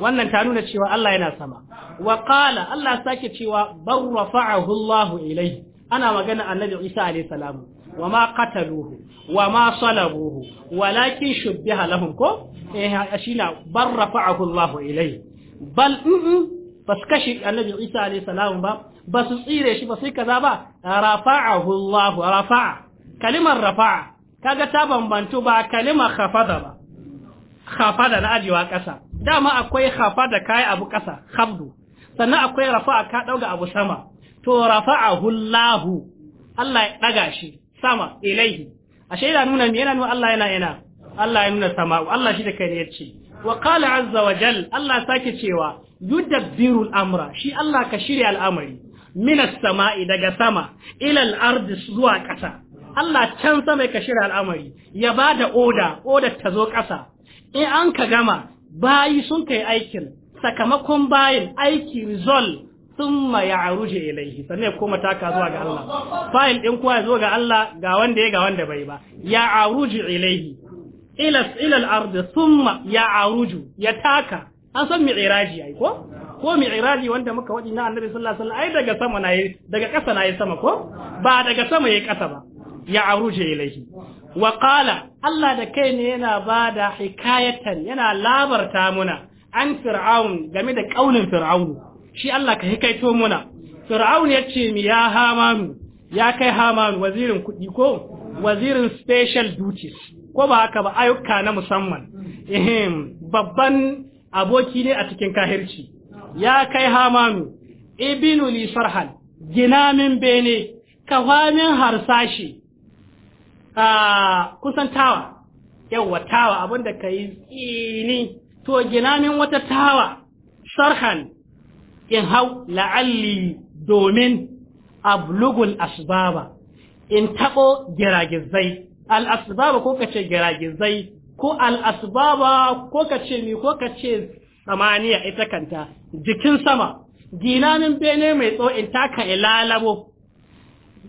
wannan ta nuna cewa Allah yana sama wa qala Allah sake cewa bar rafa'ahu Allah ilayhi ana magana annabi Isa alayhi salamu wa ma qataluhu wa ma salabuhu walakin shubbiha lahum ko eh ashina bar rafa'ahu Allah ilayhi bal kashi annabi Isa alayhi salamu ba ba su tsire shi ba sai kaza ba rafa'ahu Allah rafa'a kalimar rafa'a kaga ta bambantu ba kalimar khafada ba khafada na ajiwa kasa dama akwai hafa da kai abu ƙasa habdu sannan akwai rafa ka ɗauga abu sama to a hullahu. Allah ya ɗaga shi sama ilaihi ashe yana nuna me yana nuna Allah yana yana Allah ya nuna sama Allah shi da kai ya ce wa qala azza wa jal Allah sake cewa yudabbiru amra shi Allah ka shirya al'amari Minas samai daga sama ila al-ard zuwa ƙasa Allah can sama ka shirya al'amari ya bada oda oda ta zo ƙasa in an ka gama bayi sun kai aikin sakamakon bayin aiki result thumma ya'ruju ilayhi sannan ya koma taka zuwa ga Allah fayil ɗin kuwa ya zo ga Allah ga wanda ya ga wanda bai ba ya'ruju ilayhi ila ila ilal ard sun ma ya ya taka an san mi'raji ai ko ko mi'raji wanda muka wadi na annabi sallallahu alaihi wasallam ai daga sama na yi daga ƙasa na yi sama ko ba daga sama yayi ƙasa ba ya aruje ilaihi wa qala Allah da kai ne yana ba da hikayatan yana labarta muna an fir'aun game da ƙaunin fir'aun shi Allah ka hikaito muna fir'aun yace mi ya hamanu ya kai hamanu wazirin kudi ko wazirin special duties ko ba haka ba ayyuka na musamman ehem babban aboki ne a cikin kahirci ya kai hamanu ibinu li sarhan ginamin bene kafamin harsashi a kusan tawa yawa tawa abinda ka yi tsini to gina min wata tawa sarhan in hau la'alli domin ablugul asbaba in taɓo giragizai al'asbaba ko ka ce giragizai ko al'asbaba ko ka ce mi ko ka ce samaniya ita kanta jikin sama ginanin bene mai tso in taka ilalabo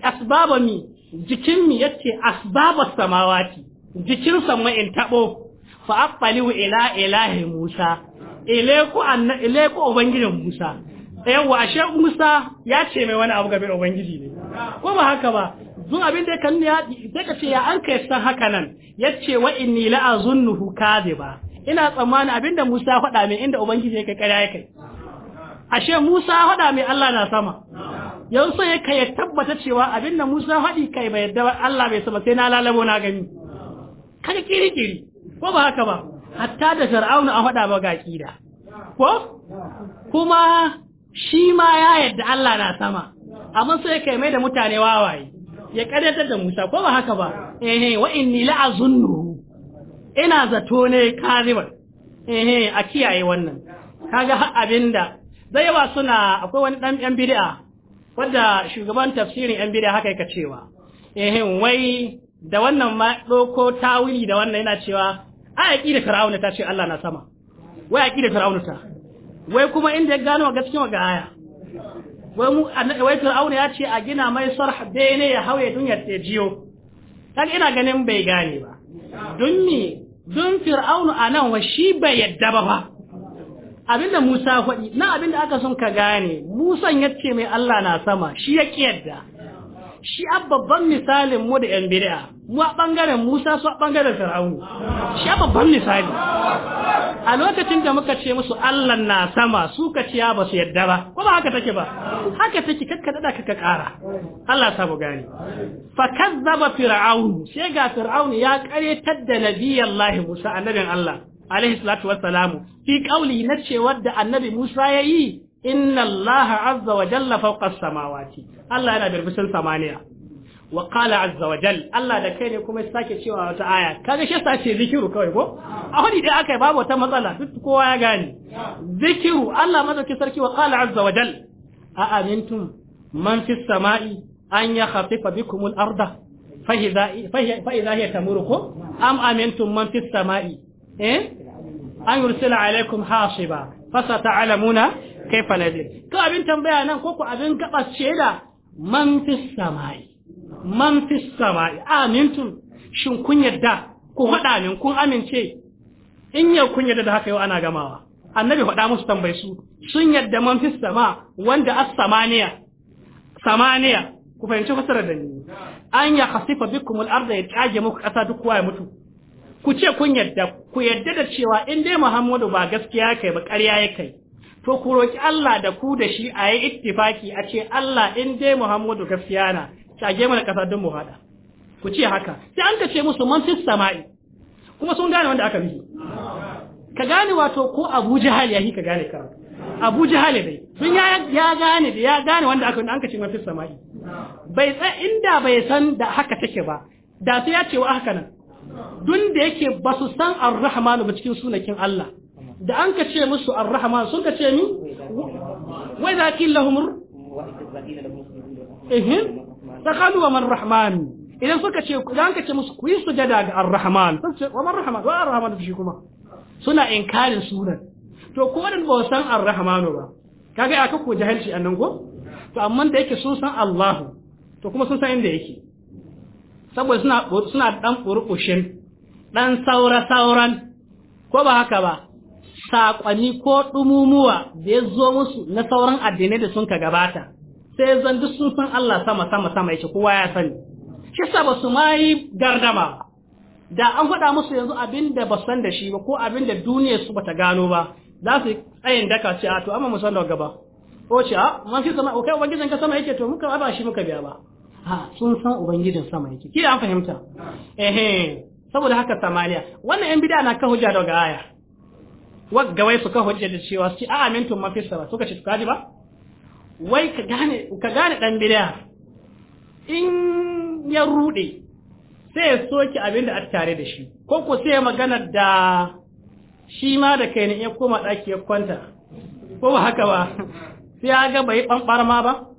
asbaba mi jikin mi yace asbabus samawati jikin in tabo fa wa ila ilahi Musa ileku anna ileku ubangijin Musa yawa ashe Musa ya ce mai wani abu game da ubangiji ne ko ba haka ba zo abin da kan ya sai ka ce ya an kai san haka nan yace wa inni la azunnuhu kadiba ina tsammani abin da Musa faɗa mai inda ubangiji ya kai ƙarya ya kai ashe Musa faɗa mai Allah na sama yanzu ya kai ya tabbata cewa abin da Musa faɗi kai bai yadda Allah bai saba sai na lalabo na gani kaga kirikiri ko ba haka ba hatta da Fir'auna a faɗa ba ga kida ko kuma shi ma ya yadda Allah na sama amma sai kai mai da mutane wawaye ya kadatar da Musa ko ba haka ba eh eh wa inni la'azunnu ina zato ne karibar eh eh a kiyaye wannan kaga har abinda zai yawa suna akwai wani ɗan ɗan bid'a wadda shugaban tafsirin yan bid'a haka yaka cewa eh wai da wannan ma doko tawili da wannan yana cewa a da fir'auna ta ce Allah na sama wai da fir'auna ta wai kuma inda ya gano gaskiya ga aya wai mu wai fir'auna ya ce a gina mai sarh ne ya hawaye dun ya jiyo kan ina ganin bai gane ba don me don fir'auna anan wa shi bai yadda ba fa abinda Musa faɗi na abinda aka son ka gane Musan ya ce mai Allah na sama shi ya yadda shi a babban misalin mu da yan bid'a mu a ɓangaren Musa su a ɓangaren Fir'aunu shi a babban misali a lokacin da muka ce musu Allah na sama su ka ciya ba su yadda ba ko ba haka take ba haka take kakka dada kakka ƙara. Allah sa mu gane fa kazzaba fir'aunu sai ga fir'aunu ya karetar da nabiyallahi Musa annabin Allah alaihi salatu wassalamu fi kauli na cewar da annabi Musa ya yi, inna Allah azza wa jalla fawqa samawati Allah yana birbishin samaniya wa qala azza wa jalla Allah da kai ne kuma ya sake cewa wata aya kaga shi sace zikiru kawai ko a hadi da akai babu wata matsala duk kowa ya gane zikiru Allah madauki sarki wa qala azza wa jalla a amintum man fis samai an ya khafifa bikum al arda fa idha fa idha hiya tamurukum am amintum man fis samai eh an yursila alaikum hasiba fasa ta'lamuna kaifa nadir to abin tambaya nan ko ku abin gabas ce da man fis samai man fis samai amintum shin kun yadda ku faɗa min kun amince in yau kun yadda da haka yau ana gamawa annabi faɗa musu tambayi su sun yadda man fis sama wanda as samaniya samaniya ku fahimci fasarar da ni an ya khasifa bikum al-ardh ya tage muku ƙasa duk kowa ya mutu ku ce kun yadda ku yadda da cewa in dai Muhammadu ba gaskiya kai ba ƙarya ya kai to ku roki Allah da ku da shi a yi ittifaki a ce Allah in dai Muhammadu gaskiya na tage mana kasadin mu hada ku ce haka sai an ka ce musu man fis sama'i kuma sun gane wanda aka mishi ka gane wato ko Abu Jahal yahi ka gane ka Abu Jahal dai sun ya gane da ya gane wanda aka an man fi sama'i bai inda bai san da haka take ba da sai ya ce wa haka nan dun da yake ba su san ar-rahman ba cikin sunakin Allah da an ka ce musu ar-rahman sun ka ce ni wai za ki ehin eh sakalu wa man rahman idan suka ce idan ka ce musu ku yi sujada ga ar-rahman sun ce wa man rahman wa ar-rahman shi kuma suna inkarin sunan to ko wadanda ba san ar-rahman ba kaga aka ko jahilci annan ko to amma da yake sun san Allah to kuma sun san inda yake saboda suna suna dan burkushin dan saura sauran ko ba haka ba saƙwani ko dumumuwa da ya zo musu na sauran addinai da sun ka gabata sai zan duk sun san Allah sama sama sama yake kowa ya sani shi sa ba su ma yi gardama da an faɗa musu yanzu abin da ba san da shi ba ko abin da duniyar su bata gano ba za su tsayin daka ce a to amma mu san da gaba ko ce a mun fi sama okay ubangijin ka sama yake to muka ba shi muka biya ba ha sun san ubangijin sama yake ki an fahimta ehe saboda haka samaliya wannan yan bid'a na ka hujja daga aya wagga wai suka hujja da cewa su a amintum mafisara suka ce kaji ba wai ka gane ka gane dan bid'a in ya rude sai ya soki abin da a tare da shi ko ko sai magana da shi ma da kai ne ya koma daki ya kwanta ko ba haka ba sai ya ga bai ɓanɓar ma ba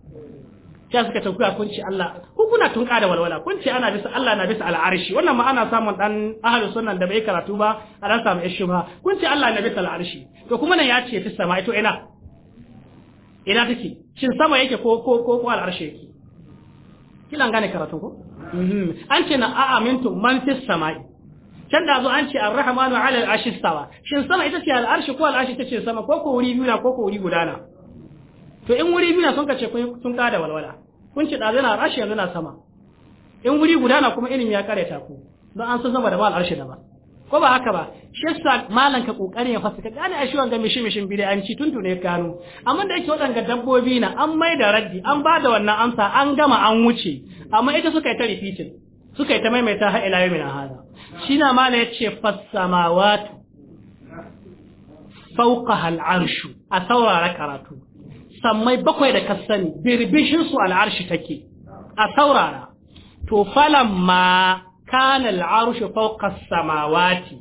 ta suka tafi kun ce Allah ku kuna tunka da walwala kun ce ana bisa Allah na bisa al'arshi wannan ma ana samun dan ahlus sunnan da bai karatu ba a dan samu ishma kun ce Allah na bisa al'arshi to kuma nan ya ce fi sama ito ina ina take shin sama yake ko ko ko al'arshi yake kilan gane karatu ko mhm. an ce na a'amintu man fi sama'i can da zo an ce ar-rahmanu 'ala al-arshi stawa shin sama ita ce al'arshi ko al'arshi ita ce sama ko ko wuri biyu na ko ko wuri guda na? to in wuri biyu na sun kace kun kada walwala kun ci ɗazu na rashi yanzu na sama in wuri guda na kuma ilimi ya kareta ku don an san sama da ba al'arshi da ba ko ba haka ba shi yasa malan ka kokari ya fasaka gane a shiwan ga mishi mishin bidai an ci tuntune gano. amma da yake wadanga dabbobi na an mai da raddi an ba da wannan amsa an gama an wuce amma ita suka yi ta repeating suka yi ta maimaita har ila yau hada shi na malan ya ce fassamawatu fawqa al arshu a saurara karatu sammai bakwai da kasani birbishin su al'arshi take a saurara to ma kana al’arshi fawqa samawati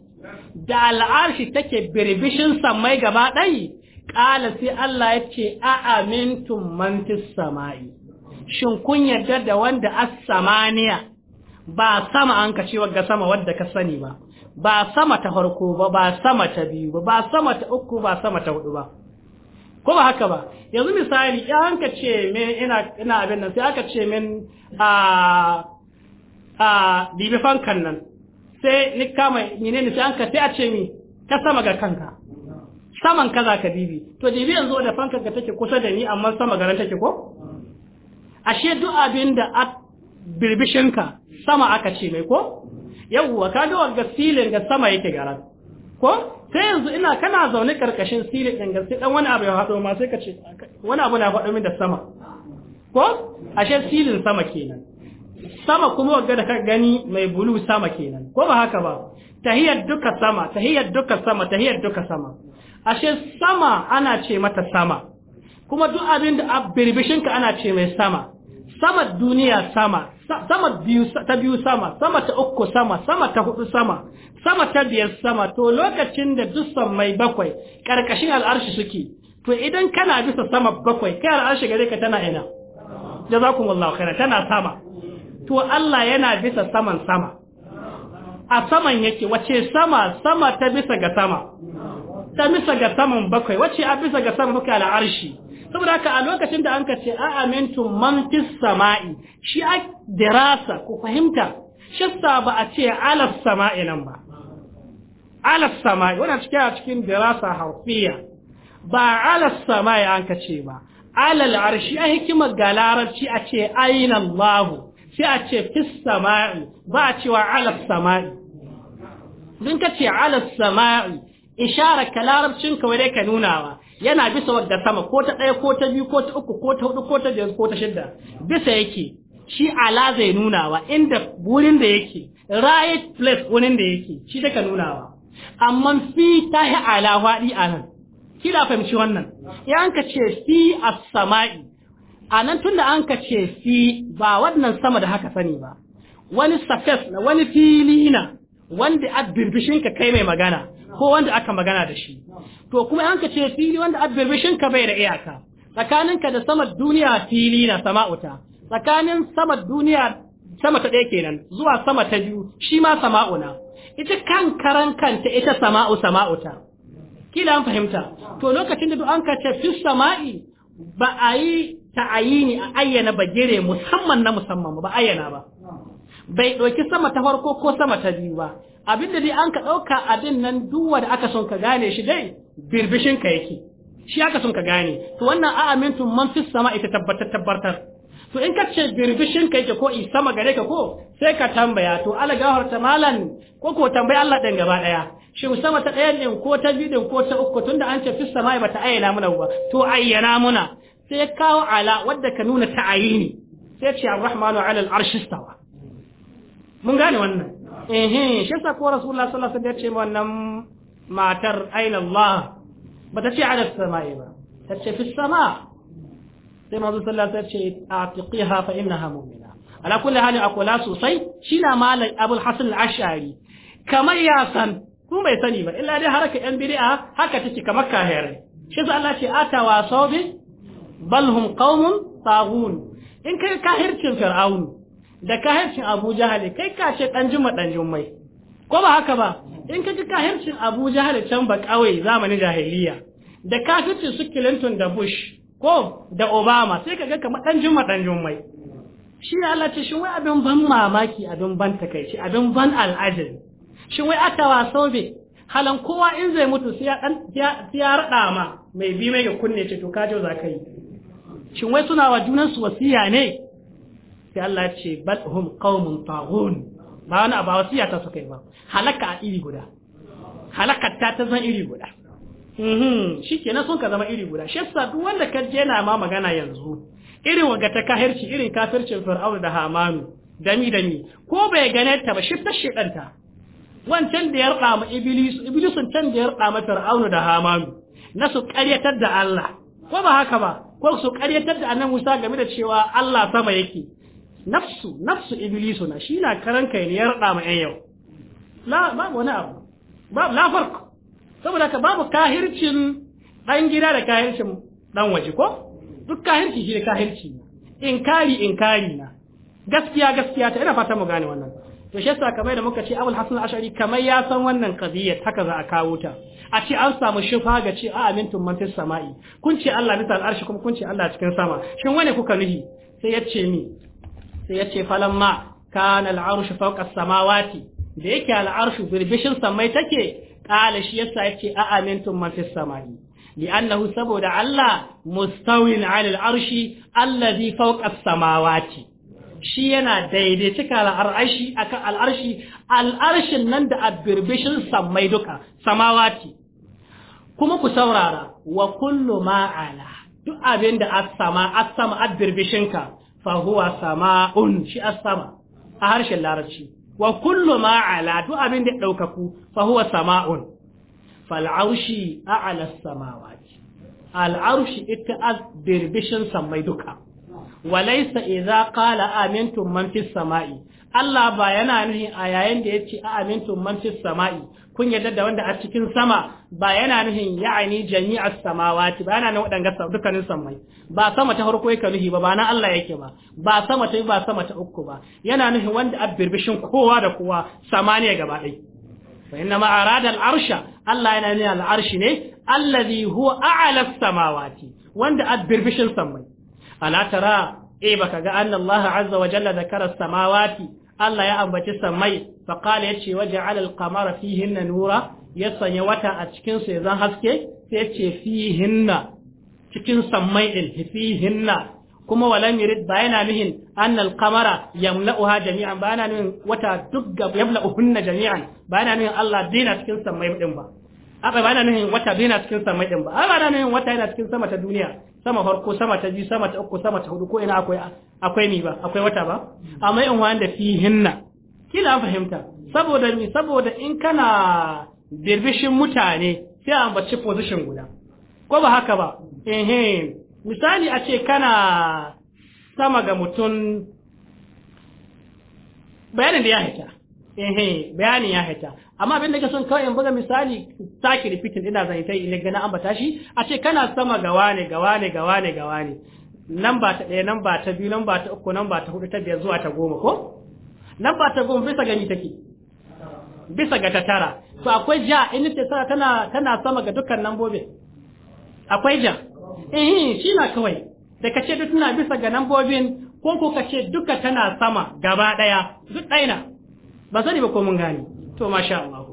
da al'arshi take birbishin sammai gaba ɗai ƙala sai Allah ya ce a amintun mantis sama'i shin kun yarda da wanda as-samaniya ba sama an kace wagga sama wadda ka sani ba ba sama ta farko ba ba sama ta biyu ba ba sama ta uku ba sama ta hudu ba ko ba haka ba yanzu misali ya hanka ce min ina abin nan sai aka ce min a a fankan nan sai ni kama ni ne sai anka sai a ce mi ka sama ga kanka saman ka za ka dibi to dibi yanzu da fankan ka take kusa da ni amma sama garan take ko ashe duk abin da a birbishinka sama aka ce mai ko yawwa ka ga wanga silin ga sama yake garan ko sai yanzu ina kana zaune karkashin sili din gaske ɗan wani abu ya haɗo ma sai ka ce wani abu na faɗo min da sama ko ashe silin sama kenan sama kuma wagga da ka gani mai bulu sama kenan ko ba haka ba tahiyar duka sama tahiyar duka sama tahiyar duka sama ashe sama ana ce mata sama kuma duk abin da birbishinka ana ce mai sama sama duniya sama sama biyu ta biyu sama sama ta uku sama sama ta hudu sama sama ta biyar sama to lokacin da dusan mai bakwai karkashin al'arshi suke to idan kana bisa sama bakwai kai al'arshi gare ka tana ina Allah khairan tana sama to Allah yana bisa saman sama a saman yake wace sama sama ta bisa ga sama ta bisa ga saman bakwai wace a bisa ga saman bakwai al'arshi saboda haka a lokacin da an ka ce a amintum man fis sama'i shi a dirasa ku fahimta shassa ba a ce alaf sama'i nan ba alaf sama'i wannan cike a cikin dirasa harfiya ba alaf sama'i an ka ce ba alal arshi a hikima ga larabci a ce aina Allah sai a ce fis sama'i ba a cewa alaf sama'i din ka ce alaf sama'i ishara ka larabcin kawai dai ka nuna nunawa yana bisa wadda sama ko ta ɗaya ko ta biyu ko ta uku ko ta hudu ko ta biyar ko ta shidda bisa yake shi ala zai nunawa inda wurin da yake right place wurin da yake shi take nunawa amma fi ta yi ala waɗi a nan kila fahimci wannan ya an ka ce fi a sama'i a nan tun da an ka ce fi ba wannan sama da haka sani ba wani safes na wani fili na wanda a birbishin ka kai mai magana ko wanda aka magana da shi to kuma an ka ce fili wanda abbirmishin ka bai da iyaka tsakaninka da samar duniya fili na sama'uta tsakanin samar duniya sama ta ɗaya kenan zuwa sama ta biyu shi ma sama'una ita kan karan kanta ita sama'u sama'uta kila an fahimta to lokacin da an ka ce fi sama'i ba a yi ta'ayini a ayyana bagire musamman na musamman ba ayyana ba bai ɗauki sama ta farko ko sama ta biyu ba abin da dai an ka ɗauka abin nan duwa da aka son ka gane shi dai birbishin ka yake shi aka son ka gane to wannan a'amintun man fi sama ita tabbatar tabbatar to in ka ce birbishin ka yake ko i sama gare ka ko sai ka tambaya to ala gahar ta malan ko ko tambayi Allah dan gaba daya shin sama ta ɗayan din ko ta biyu din ko ta uku tunda an ce fi sama ba ta ayyana muna ba to ayyana muna sai ya kawo ala wadda ka nuna ta'ayini sai ce ar-rahmanu ala al-arshi mun gane wannan eh shi sa ko rasulullah sallallahu alaihi wasallam ya ce wannan matar aina Allah ba ta ce ala samai ba ta ce fi sama sai manzo sallallahu alaihi wasallam ya ce atiqiha fa innaha mu'mina ala kulli hali akula sosai shi na malam abul hasan al-ash'ari kamar ya san kun bai sani ba illa dai haraka yan bid'a haka take kamar kahiyar shi sa Allah ce atawa sawbi bal hum qaumun taghun in kai kahircin fir'aunu da kahircin Abu Jahal kai ka ce dan juma dan jummai ko ba haka ba in ka ji kahircin Abu Jahal can ba kawai zamanin jahiliya da kafircin su Clinton da Bush ko da Obama sai ka ga kamar dan juma dan jummai shi Allah ce shi wai abin ban mamaki abin ban takaici abin ban al'ajin shi wai atawa sobe halan kowa in zai mutu sai ya dan ya rada ma mai bi mai kunne ce to kajo za ka yi shin wai suna wa junan su wasiya ne sai Allah ce bal hum qaumun taghun ba wani abu wasiya ta suka yi ba halaka a iri guda halakar ta ta zan iri guda mhm. shi kenan sun ka zama iri guda shi yasa duk wanda ka je na ma magana yanzu irin waga ta kahirci irin kafircin Fir'aun da hamanu dami dami ko bai gane ta ba shi ta shedanta wancan da ya rada mu iblis iblisun can da ya rada mu Fir'aun da hamanu na su karyatar da Allah ko ba haka ba ko su karyatar da annabi Musa game da cewa Allah sama yake nafsu nafsu iblisu na shi na karan kai ne ya rada ma yan yau la babu wani abu babu la farko saboda ka babu kahircin dan gida da kahircin dan waje ko duk kahirci shi da kahirci ne inkari inkari na gaskiya gaskiya ta ina fatan mu gane wannan to shi yasa kamar da muka ce Abul Hasan Ash'ari kamar ya san wannan qadiyyar haka za a kawo ta a ce an samu shifa ga ce a amintum man fis sama'i kun ce Allah bisa al'arshi kuma kun ce Allah cikin sama shin wane kuka nuhi sai ya ce ni sai ya ce falamma kana al'arshu fawqa samawati da yake al'arshu birbishin samai take ƙara shi yasa yace a amintun man samari. samai li'annahu saboda Allah mustawin 'ala al'arshi alladhi fawqa samawati shi yana daidai cika al'arshi akan al'arshi al'arshin nan da abirbishin samai duka samawati kuma ku saurara wa kullu ma'ala duk abin da as-sama as-sama Fahuwa sama sama'un shi asama a harshen larabci wa kullu ma ala duk abin da daukaku fahuwa sama sama'un fal'aushi a a'la as-samawati al ita a birbishin samai duka walai idza qala amintum amintun mantis sama'i Allah ba yana nuhi a yayin da ya ce a amintun man sama'i kun yarda da wanda a cikin sama ba yana nufin ya'ani jami'a samawati ba yana nan wadanga dukkanin samai ba sama ta farko yake nuhi ba ba na Allah yake ba ba sama ta ba sama ta uku ba yana nufin wanda a birbishin kowa da kowa samaniya gaba ɗaya fa inna ma arada al-arsha Allah yana nuna al-arshi ne allazi huwa a'la samawati wanda a birbishin samai ala tara eh baka ga anna Allah azza wa jalla zakara samawati Allah ya ambaci samai faqala yace waja'ala al-qamara fihinna nura ya sanya wata a cikin su zan haske sai yace fihinna cikin samai din fihinna kuma wala yurid ba yana nuhin anna al-qamara yamla'uha jami'an ba yana nuhin wata duk yamla'uhunna jami'an ba yana nuhin Allah dina cikin samai din ba abai ba yana nuhin wata dina cikin samai din ba abai ba yana nuhin wata yana cikin sama ta duniya sama farko sama ta biyu sama ta uku sama ta hudu ko ina akwai akwai ni ba akwai wata ba amma in wanda fi hinna kila fahimta saboda ni saboda in kana birbishin mutane sai an bace position guda ko ba haka ba eh misali a ce kana sama ga mutum bayanin da ya hita ehe bayani ya hita amma abin da ke son kawai in buga misali sake repeating ina zan tai ile gana ambata shi a ce kana sama ga wane ga wane ga wane ga wane namba ta ɗaya namba ta biyu namba ta uku namba ta hudu ta biyar zuwa ta goma ko namba ta goma bisa gani take bisa ga ta tara to akwai ja in ce tara tana tana sama ga dukkan nambobin akwai ja eh shi na kawai da kace duk tana bisa ga nambobin ko ko kace duka tana sama gaba daya duk ɗaya ba sani ba ko mun gani to masha Allah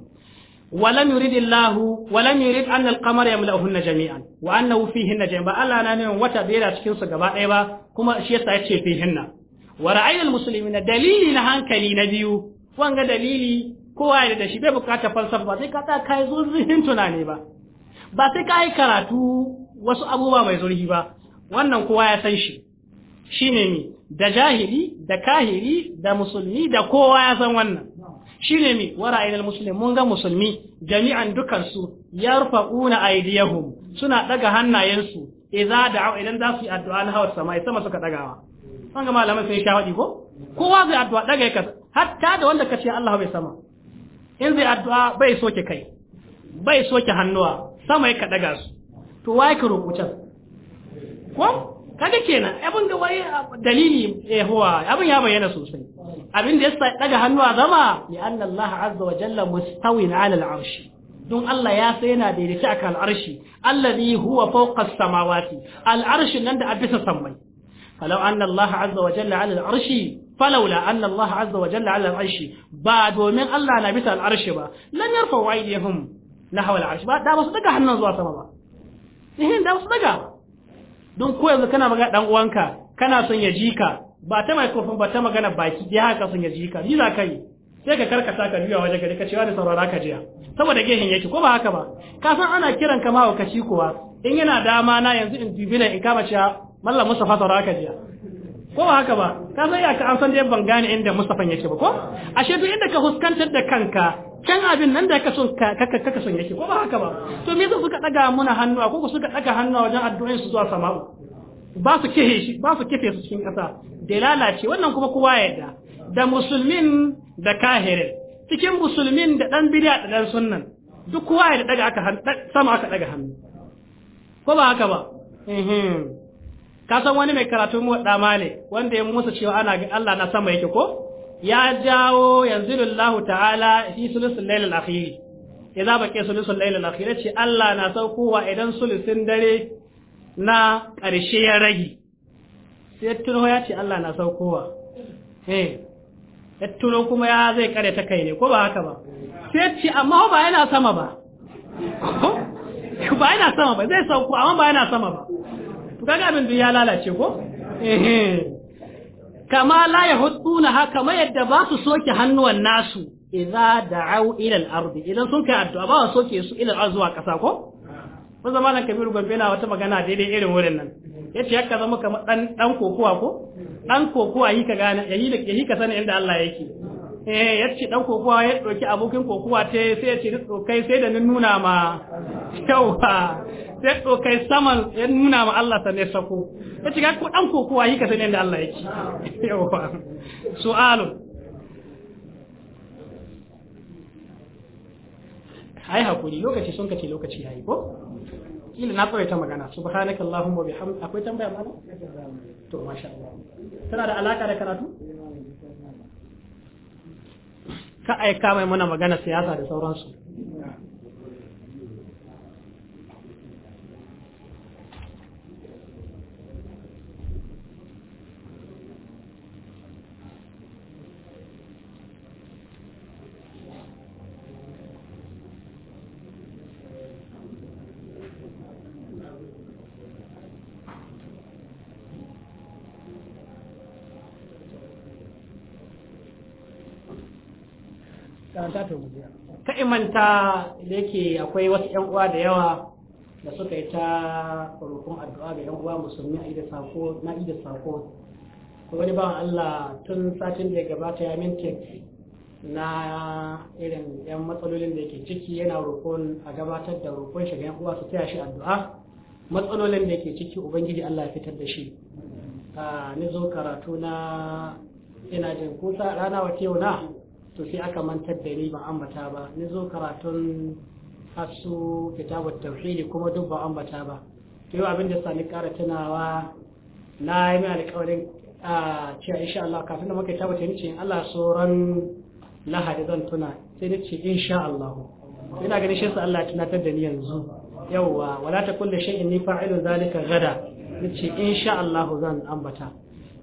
walam yurid Allah walam yurid an al-qamar yamla'uhunna jami'an wa annahu fihinna jami'an ba Allah na neman wata da yara cikin gaba ɗaya ba kuma shi yasa yace fihinna wa ra'ayna al dalili na hankali na biyu wan ga dalili kowa ya da shi bai bukata falsafa ba sai ka kayi kai zuhin tunani ba ba sai ka yi karatu wasu abubuwa mai zurfi ba wannan kowa ya san shi shine ne da jahili da kahiri da musulmi da kowa ya san wannan ne mi wara'ayin musulmi mun ga musulmi jami'an dukansu yarfa'una aydiyahum suna daga hannayensu da awa idan za su yi addu'a na hawa sama sama suka ɗagawa an ga malaman sun sha wadi ko kowa zai addu'a daga ya kasa hatta da wanda ce Allah bai sama in zai addu'a bai soke kai bai soke hannuwa sama ya ka daga su to waye ka roƙo can ko kaga kenan abin da wai eh, dalili eh abin ya bayyana sosai abin da yasa daga hannu a zama li anna Allah azza wa jalla mustawin ala al-arsh don Allah ya sai yana daidaice akan al-arshi alladhi huwa fawqa as-samawati al-arsh nan da abisa sammai falau anna Allah azza wa jalla ala al-arsh falaula anna Allah azza wa jalla ala al-arsh ba domin Allah na bisa al-arsh ba lan yarfa waydihum nahwa al-arsh ba da ba su daga hannun zuwa sama ba eh da su daga ba don ko yanzu kana magana dan uwanka kana son ya ji ka ba ta microphone ba ta magana baki ɗaya haka son ya ji ka ni za ka yi sai ka karkata ka juya waje gari ka ce wani saurara ka jiya saboda gehin yake ko ba haka ba ka san ana kiran ka ma mahaukaci kuwa in yana dama na yanzu in dubi in kama cewa mallam Mustafa saurara ka jiya ko ba haka ba ka san ya ka an san da ban gane inda Mustafa yake ba ko ashe duk inda ka huskantar da kanka can abin nan da ka ka kaka son yake ko ba haka ba to me suka daga muna hannu ko suka daga hannu wajen addu'o'in su zuwa sama ba su kife shi ba su kefe su cikin kasa da lalace wannan kuma kowa yadda da musulmin da kahirin cikin musulmin da dan bid'a da dan sunnan duk kowa ya daga aka sama aka daga hannu ko ba haka ba ka san wani mai karatu mu da male wanda ya musa cewa ana ga Allah na sama yake ko ya jawo yanzu lillahu ta'ala fi sulusul lailil akhir idza baqiya sulusul lailil akhir ce Allah na saukowa idan sulusin dare na ƙarshe ya rage sai tuno ya ce Allah na saukowa eh ya tuno kuma ya zai kare ta kai ne ko ba haka ba sai ce amma ba yana sama ba ba yana sama ba zai sauko amma ba yana sama ba to kaga abin da ya lalace ko eh, eh. kama la ha kama yadda ba su soke hannuwan nasu idza da'au ila al idan sun kai addu'a ba soke su ila al zuwa kasa ko ko zamanin kabiru gombe na wata magana daidai irin wurin nan yace haka zama kamar dan dan kokowa ko dan kokowa yi ka gane yayi da yayi ka sani inda Allah yake eh ya ce dan kokowa ya doki abokin kokowa ta sai ya ce ni sai da ni nuna ma yawa sai kai saman ya nuna ma Allah ta ya sako ya ce ko dan kokowa yi ka sani da Allah yake yawa su'alu ai hakuri lokaci sun kace lokaci yayi ko kila na tsawaita magana subhanakallahumma bihamdika akwai tambaya ma to masha Allah tana da alaka da karatu ka aika mai mana magana siyasa da sauransu ka imanta da yake akwai wasu yan uwa da yawa da suka yi ta roƙon addu'a ga yan uwa musulmi a ida sako na ida sako ko wani ba Allah tun satin da ya gabata ya minti na irin yan matsalolin da yake ciki yana rukun a gabatar da rukun shiga yan uwa su taya shi addu'a matsalolin da yake ciki ubangiji Allah ya fitar da shi ah, ni zo karatu na ina jin kusa rana wa yau na to sai aka mantar da ni ba ambata ba ni zo karatun hasu kitabut tauhidi kuma duk ba ambata ba to yau abin da ni kara tunawa na yi mai alƙawarin a cewa insha Allah kafin da muka tabbata ni ce Allah soran lahadi zan tuna sai ni ce insha Allah ina ganin shi sa Allah tunatar da ni yanzu yawwa wala ta kullu shay'in ni fa'ilu zalika gada ni ce insha Allah zan ambata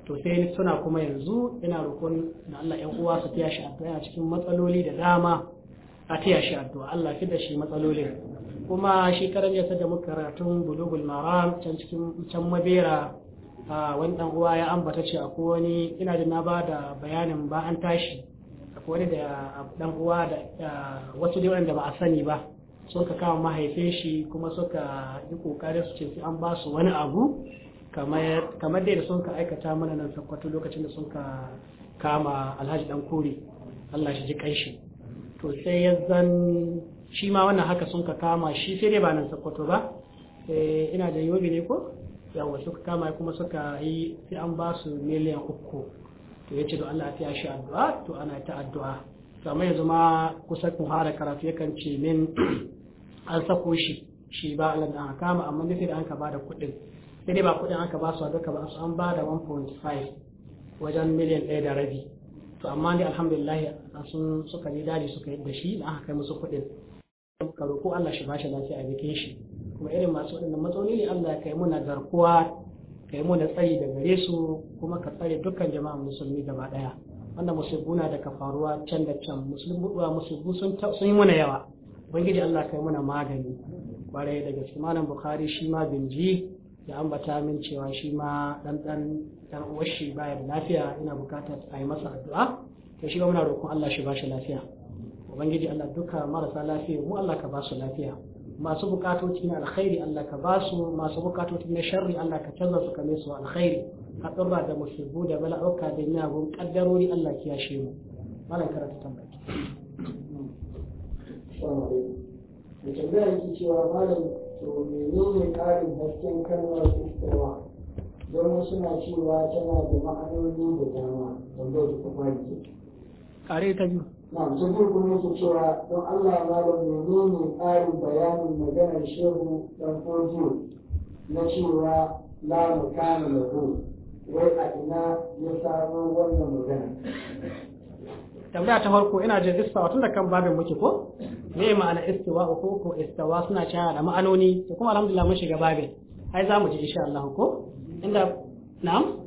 to sai suna kuma yanzu ina roƙon na Allah ƴan uwa su tiya shi addu'a cikin matsaloli da dama a tiya shi addu'a Allah fi da shi matsaloli. kuma shi karan ya da muka karatun bulugul maram can cikin can mabera wani dan uwa ya ambata ce a wani ina da na bada bayanin ba an tashi akwai wani da dan uwa da wasu dai wanda ba a sani ba suka kama mahaifin shi kuma suka yi kokarin su ce an ba su wani abu kamar dai da sun ka aikata mana nan sakwato lokacin da sun ka kama alhaji dan kore Allah shi ji kanshi to sai ya zan shi ma wannan haka sun ka kama shi sai dai ba nan sakwato ba eh, ina da yobi ne ko yawa suka kama kuma suka yi sai an ba su miliyan uku to ya ce da Allah ya shi addu'a to ana ta addu'a kamar yanzu ma kusa kun fara karatu yakan ce min an sako shi shi ba Allah da aka kama amma sai da an ka ba da kuɗin sai dai ba kudin aka ba su a duka ba su an ba da 1.5 wajen miliyan ɗaya da rabi to amma dai alhamdulillah sun suka yi dadi suka yi da shi da aka kai musu kuɗin ka roƙo Allah shi bashi lafiya a bikin shi kuma irin masu waɗannan matsaloli ne Allah kai na garkuwa kai muna tsayi da gare su kuma ka tsare dukkan jama'an musulmi gaba daya wannan musulmuna da ka faruwa can da can musulmi buɗuwa musulmi sun yi mana yawa ubangiji Allah kai muna magani kwarai da gaske malam bukhari shi ma binji ya ambata min cewa shi ma dan dan dan uwashi baya da lafiya ina buƙatar a yi masa addu'a to shi ba muna roƙon Allah shi ba shi lafiya ubangiji Allah duka marasa lafiya mu Allah ka ba su lafiya masu bukatoci na alkhairi Allah ka ba su masu bukatoci na sharri Allah ka canza su kame su alkhairi haɗurra da musibu da bala'uka da miyagun kaddarori Allah ki yashe mu malam karanta tambaki Assalamu alaikum. Mutum zai yake cewa malam to menene ƙarin hasken kalmar istawa don wasu na cewa tana da ma'anoni da dama tambayar kuma rike kare ta biyu na jibir kuma yake cewa don allah malam menene ƙarin bayanin maganar shehu dan fodiyo na cewa la makana lahu wai a ina ya samo wannan magana tambaya ta farko ina jin istawa tun da kan babin muke ko me ma'ana istawa ko ko istawa suna cewa da ma'anoni to kuma alhamdulillah mun shiga babin ai za mu ji insha Allah ko inda na'am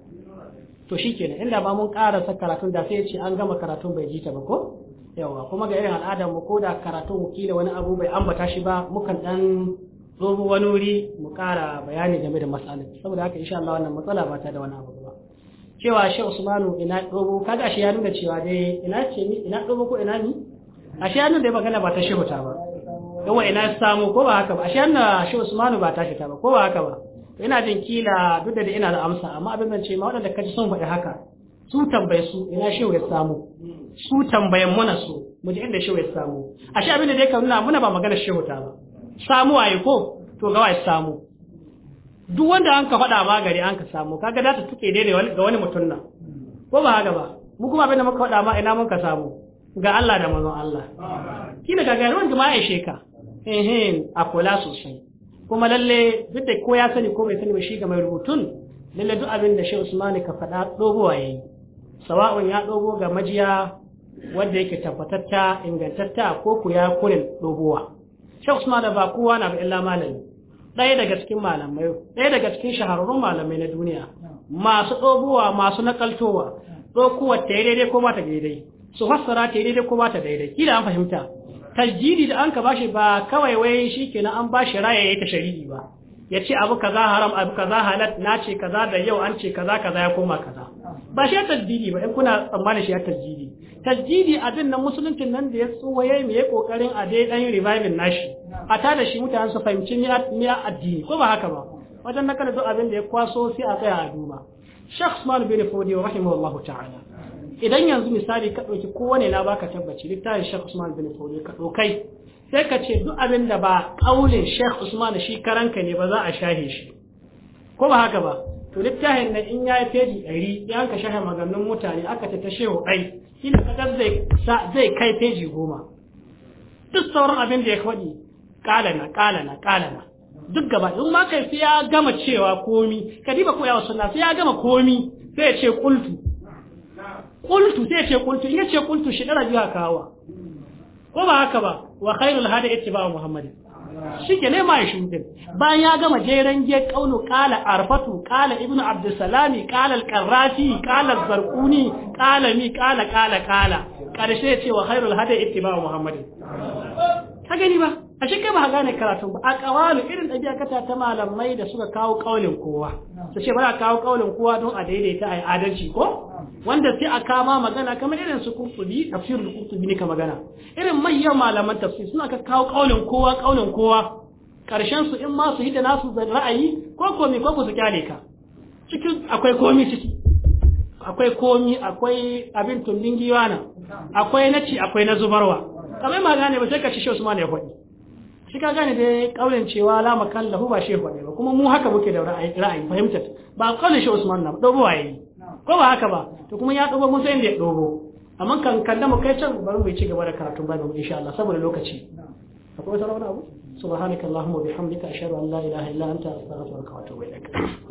to shikenan inda ba mun karasa karatu da sai ya ce an gama karatun bai ji ta ba ko yawa kuma ga irin al'adar mu ko da karatun kila wani abu bai ambata shi ba mukan dan zo wani wuri mu kara bayani game da matsalar saboda haka insha Allah wannan matsala ba ta da wani abu cewa shi Usmanu ina dogo kaga shi ya nuna cewa dai ina ce ni ina dogo ko ina ni ashe shi nuna dai magana ba ta shehu ta ba yawa ina samu ko ba haka ba ashe shi nuna shi Usmanu ba ta shi ta ba ko ba haka ba ina jin kila duk da ina da amsa amma abin zan ce ma waɗanda kaji son faɗi haka su tambaye su ina shehu ya samu su tambayen muna su mu ji inda shehu ya samu ashe abin da dai ka nuna muna ba magana shehu ta ba samu waye ko to ga waye samu duk wanda an ka faɗa ma gari an ka samu kaga za ta tuke ne ga wani mutum nan ko ba haka ba mu kuma abin da muka faɗa ma ina mun ka samu ga Allah da manzon Allah ne ga garin jama'a ya sheka eh a kula sosai kuma lalle duk da ko ya sani ko bai sani ba shi ga mai rubutun lalle duk abin da Sheikh Usman ka faɗa dogowa yayi sawa'un ya dogo ga majiya wanda yake tabbatatta ingantatta ko ku ya kurin dogowa Sheikh Usman ba kowa na ba illa malami ɗaya daga cikin malamai ɗaya daga cikin shahararrun malamai na duniya masu ɗobowa masu nakaltowa ɗokuwar ta yi daidai ko ba ta daidai su fassara ta yi daidai ko ba ta daidai kila an fahimta tajjidi da an ka bashi ba kawai wai shi kenan an bashi raya ya ta shari'i ba ya ce abu kaza haram abu kaza halat na ce kaza da yau an ce kaza kaza ya koma kaza ba shi tajjidi ba in kuna tsammanin shi ya tajjidi tajjidi abin nan musuluncin nan da ya tsuwaye mai ya kokarin a dai dan revival nashi a ta da shi mutane su fahimci ni addini ko ba haka ba wajen na kana duk abin da ya kwaso sai a tsaya a duba shakhs Usman bin fodi rahimahullahu ta'ala idan yanzu misali ka dauki kowane na baka tabbaci littafin Sheikh Usman bin Fodi ka dokai sai ka ce duk abin da ba kaulin Sheikh Usman shi karanka ne ba za a shahe shi ko ba haka ba to littafin nan in yayi feji ɗari ya ka shahe maganganun mutane aka ce ta shehu ai kila kadar zai zai kai feji goma duk sauran abin da ya faɗi kalana kalana kalana duk gaba in ma kai sai ya gama cewa komi kadiba ko yawa sunna sai ya gama komi sai ya ce kultu kultu sai ya ce kultu in ya ce kultu shi dara biya kawa ko ba haka ba wa khairul hada ittiba'u muhammadin shi ke nema ya shudin bayan ya gama jeren je kaunu kala arfatu kala ibnu abdussalami kala alqarrafi kala zarquni kala mi kala kala kala karshe ce wa khairul hada ittiba'u muhammadin ka gani ba a shi kai ba gane karatu ba a kawalu irin ɗabi'a kata ta malamai da suka kawo kaulin kowa su ce ba kawo kaulin kowa don a daidaita a yi adalci ko wanda sai a kama magana kamar irin su kurtubi tafsirul kurtubi ne ka magana irin manyan malaman tafsir suna ka kawo kaulin kowa kaulin kowa karshen su in ma su hita nasu ra'ayi ko komi ko ku su kyale ka cikin akwai komi ciki akwai komi akwai abin tumbin giwana akwai naci akwai na zubarwa kamar magana ne ba sai ka ci shi Usman ya faɗi shi ka gane dai kauyen cewa la makallahu ba shehu ne ba kuma mu haka muke da ra'ayi fahimtar ba kaulin shi Usman na dobo waye ko ba haka ba to kuma ya dobo mun sai inda ya dobo amma kan kalla mu kai can bari mu ci gaba da karatun ba mu insha Allah saboda lokaci akwai sauran abu subhanakallahumma bihamdika ashhadu an la ilaha illa anta astaghfiruka wa atubu ilaik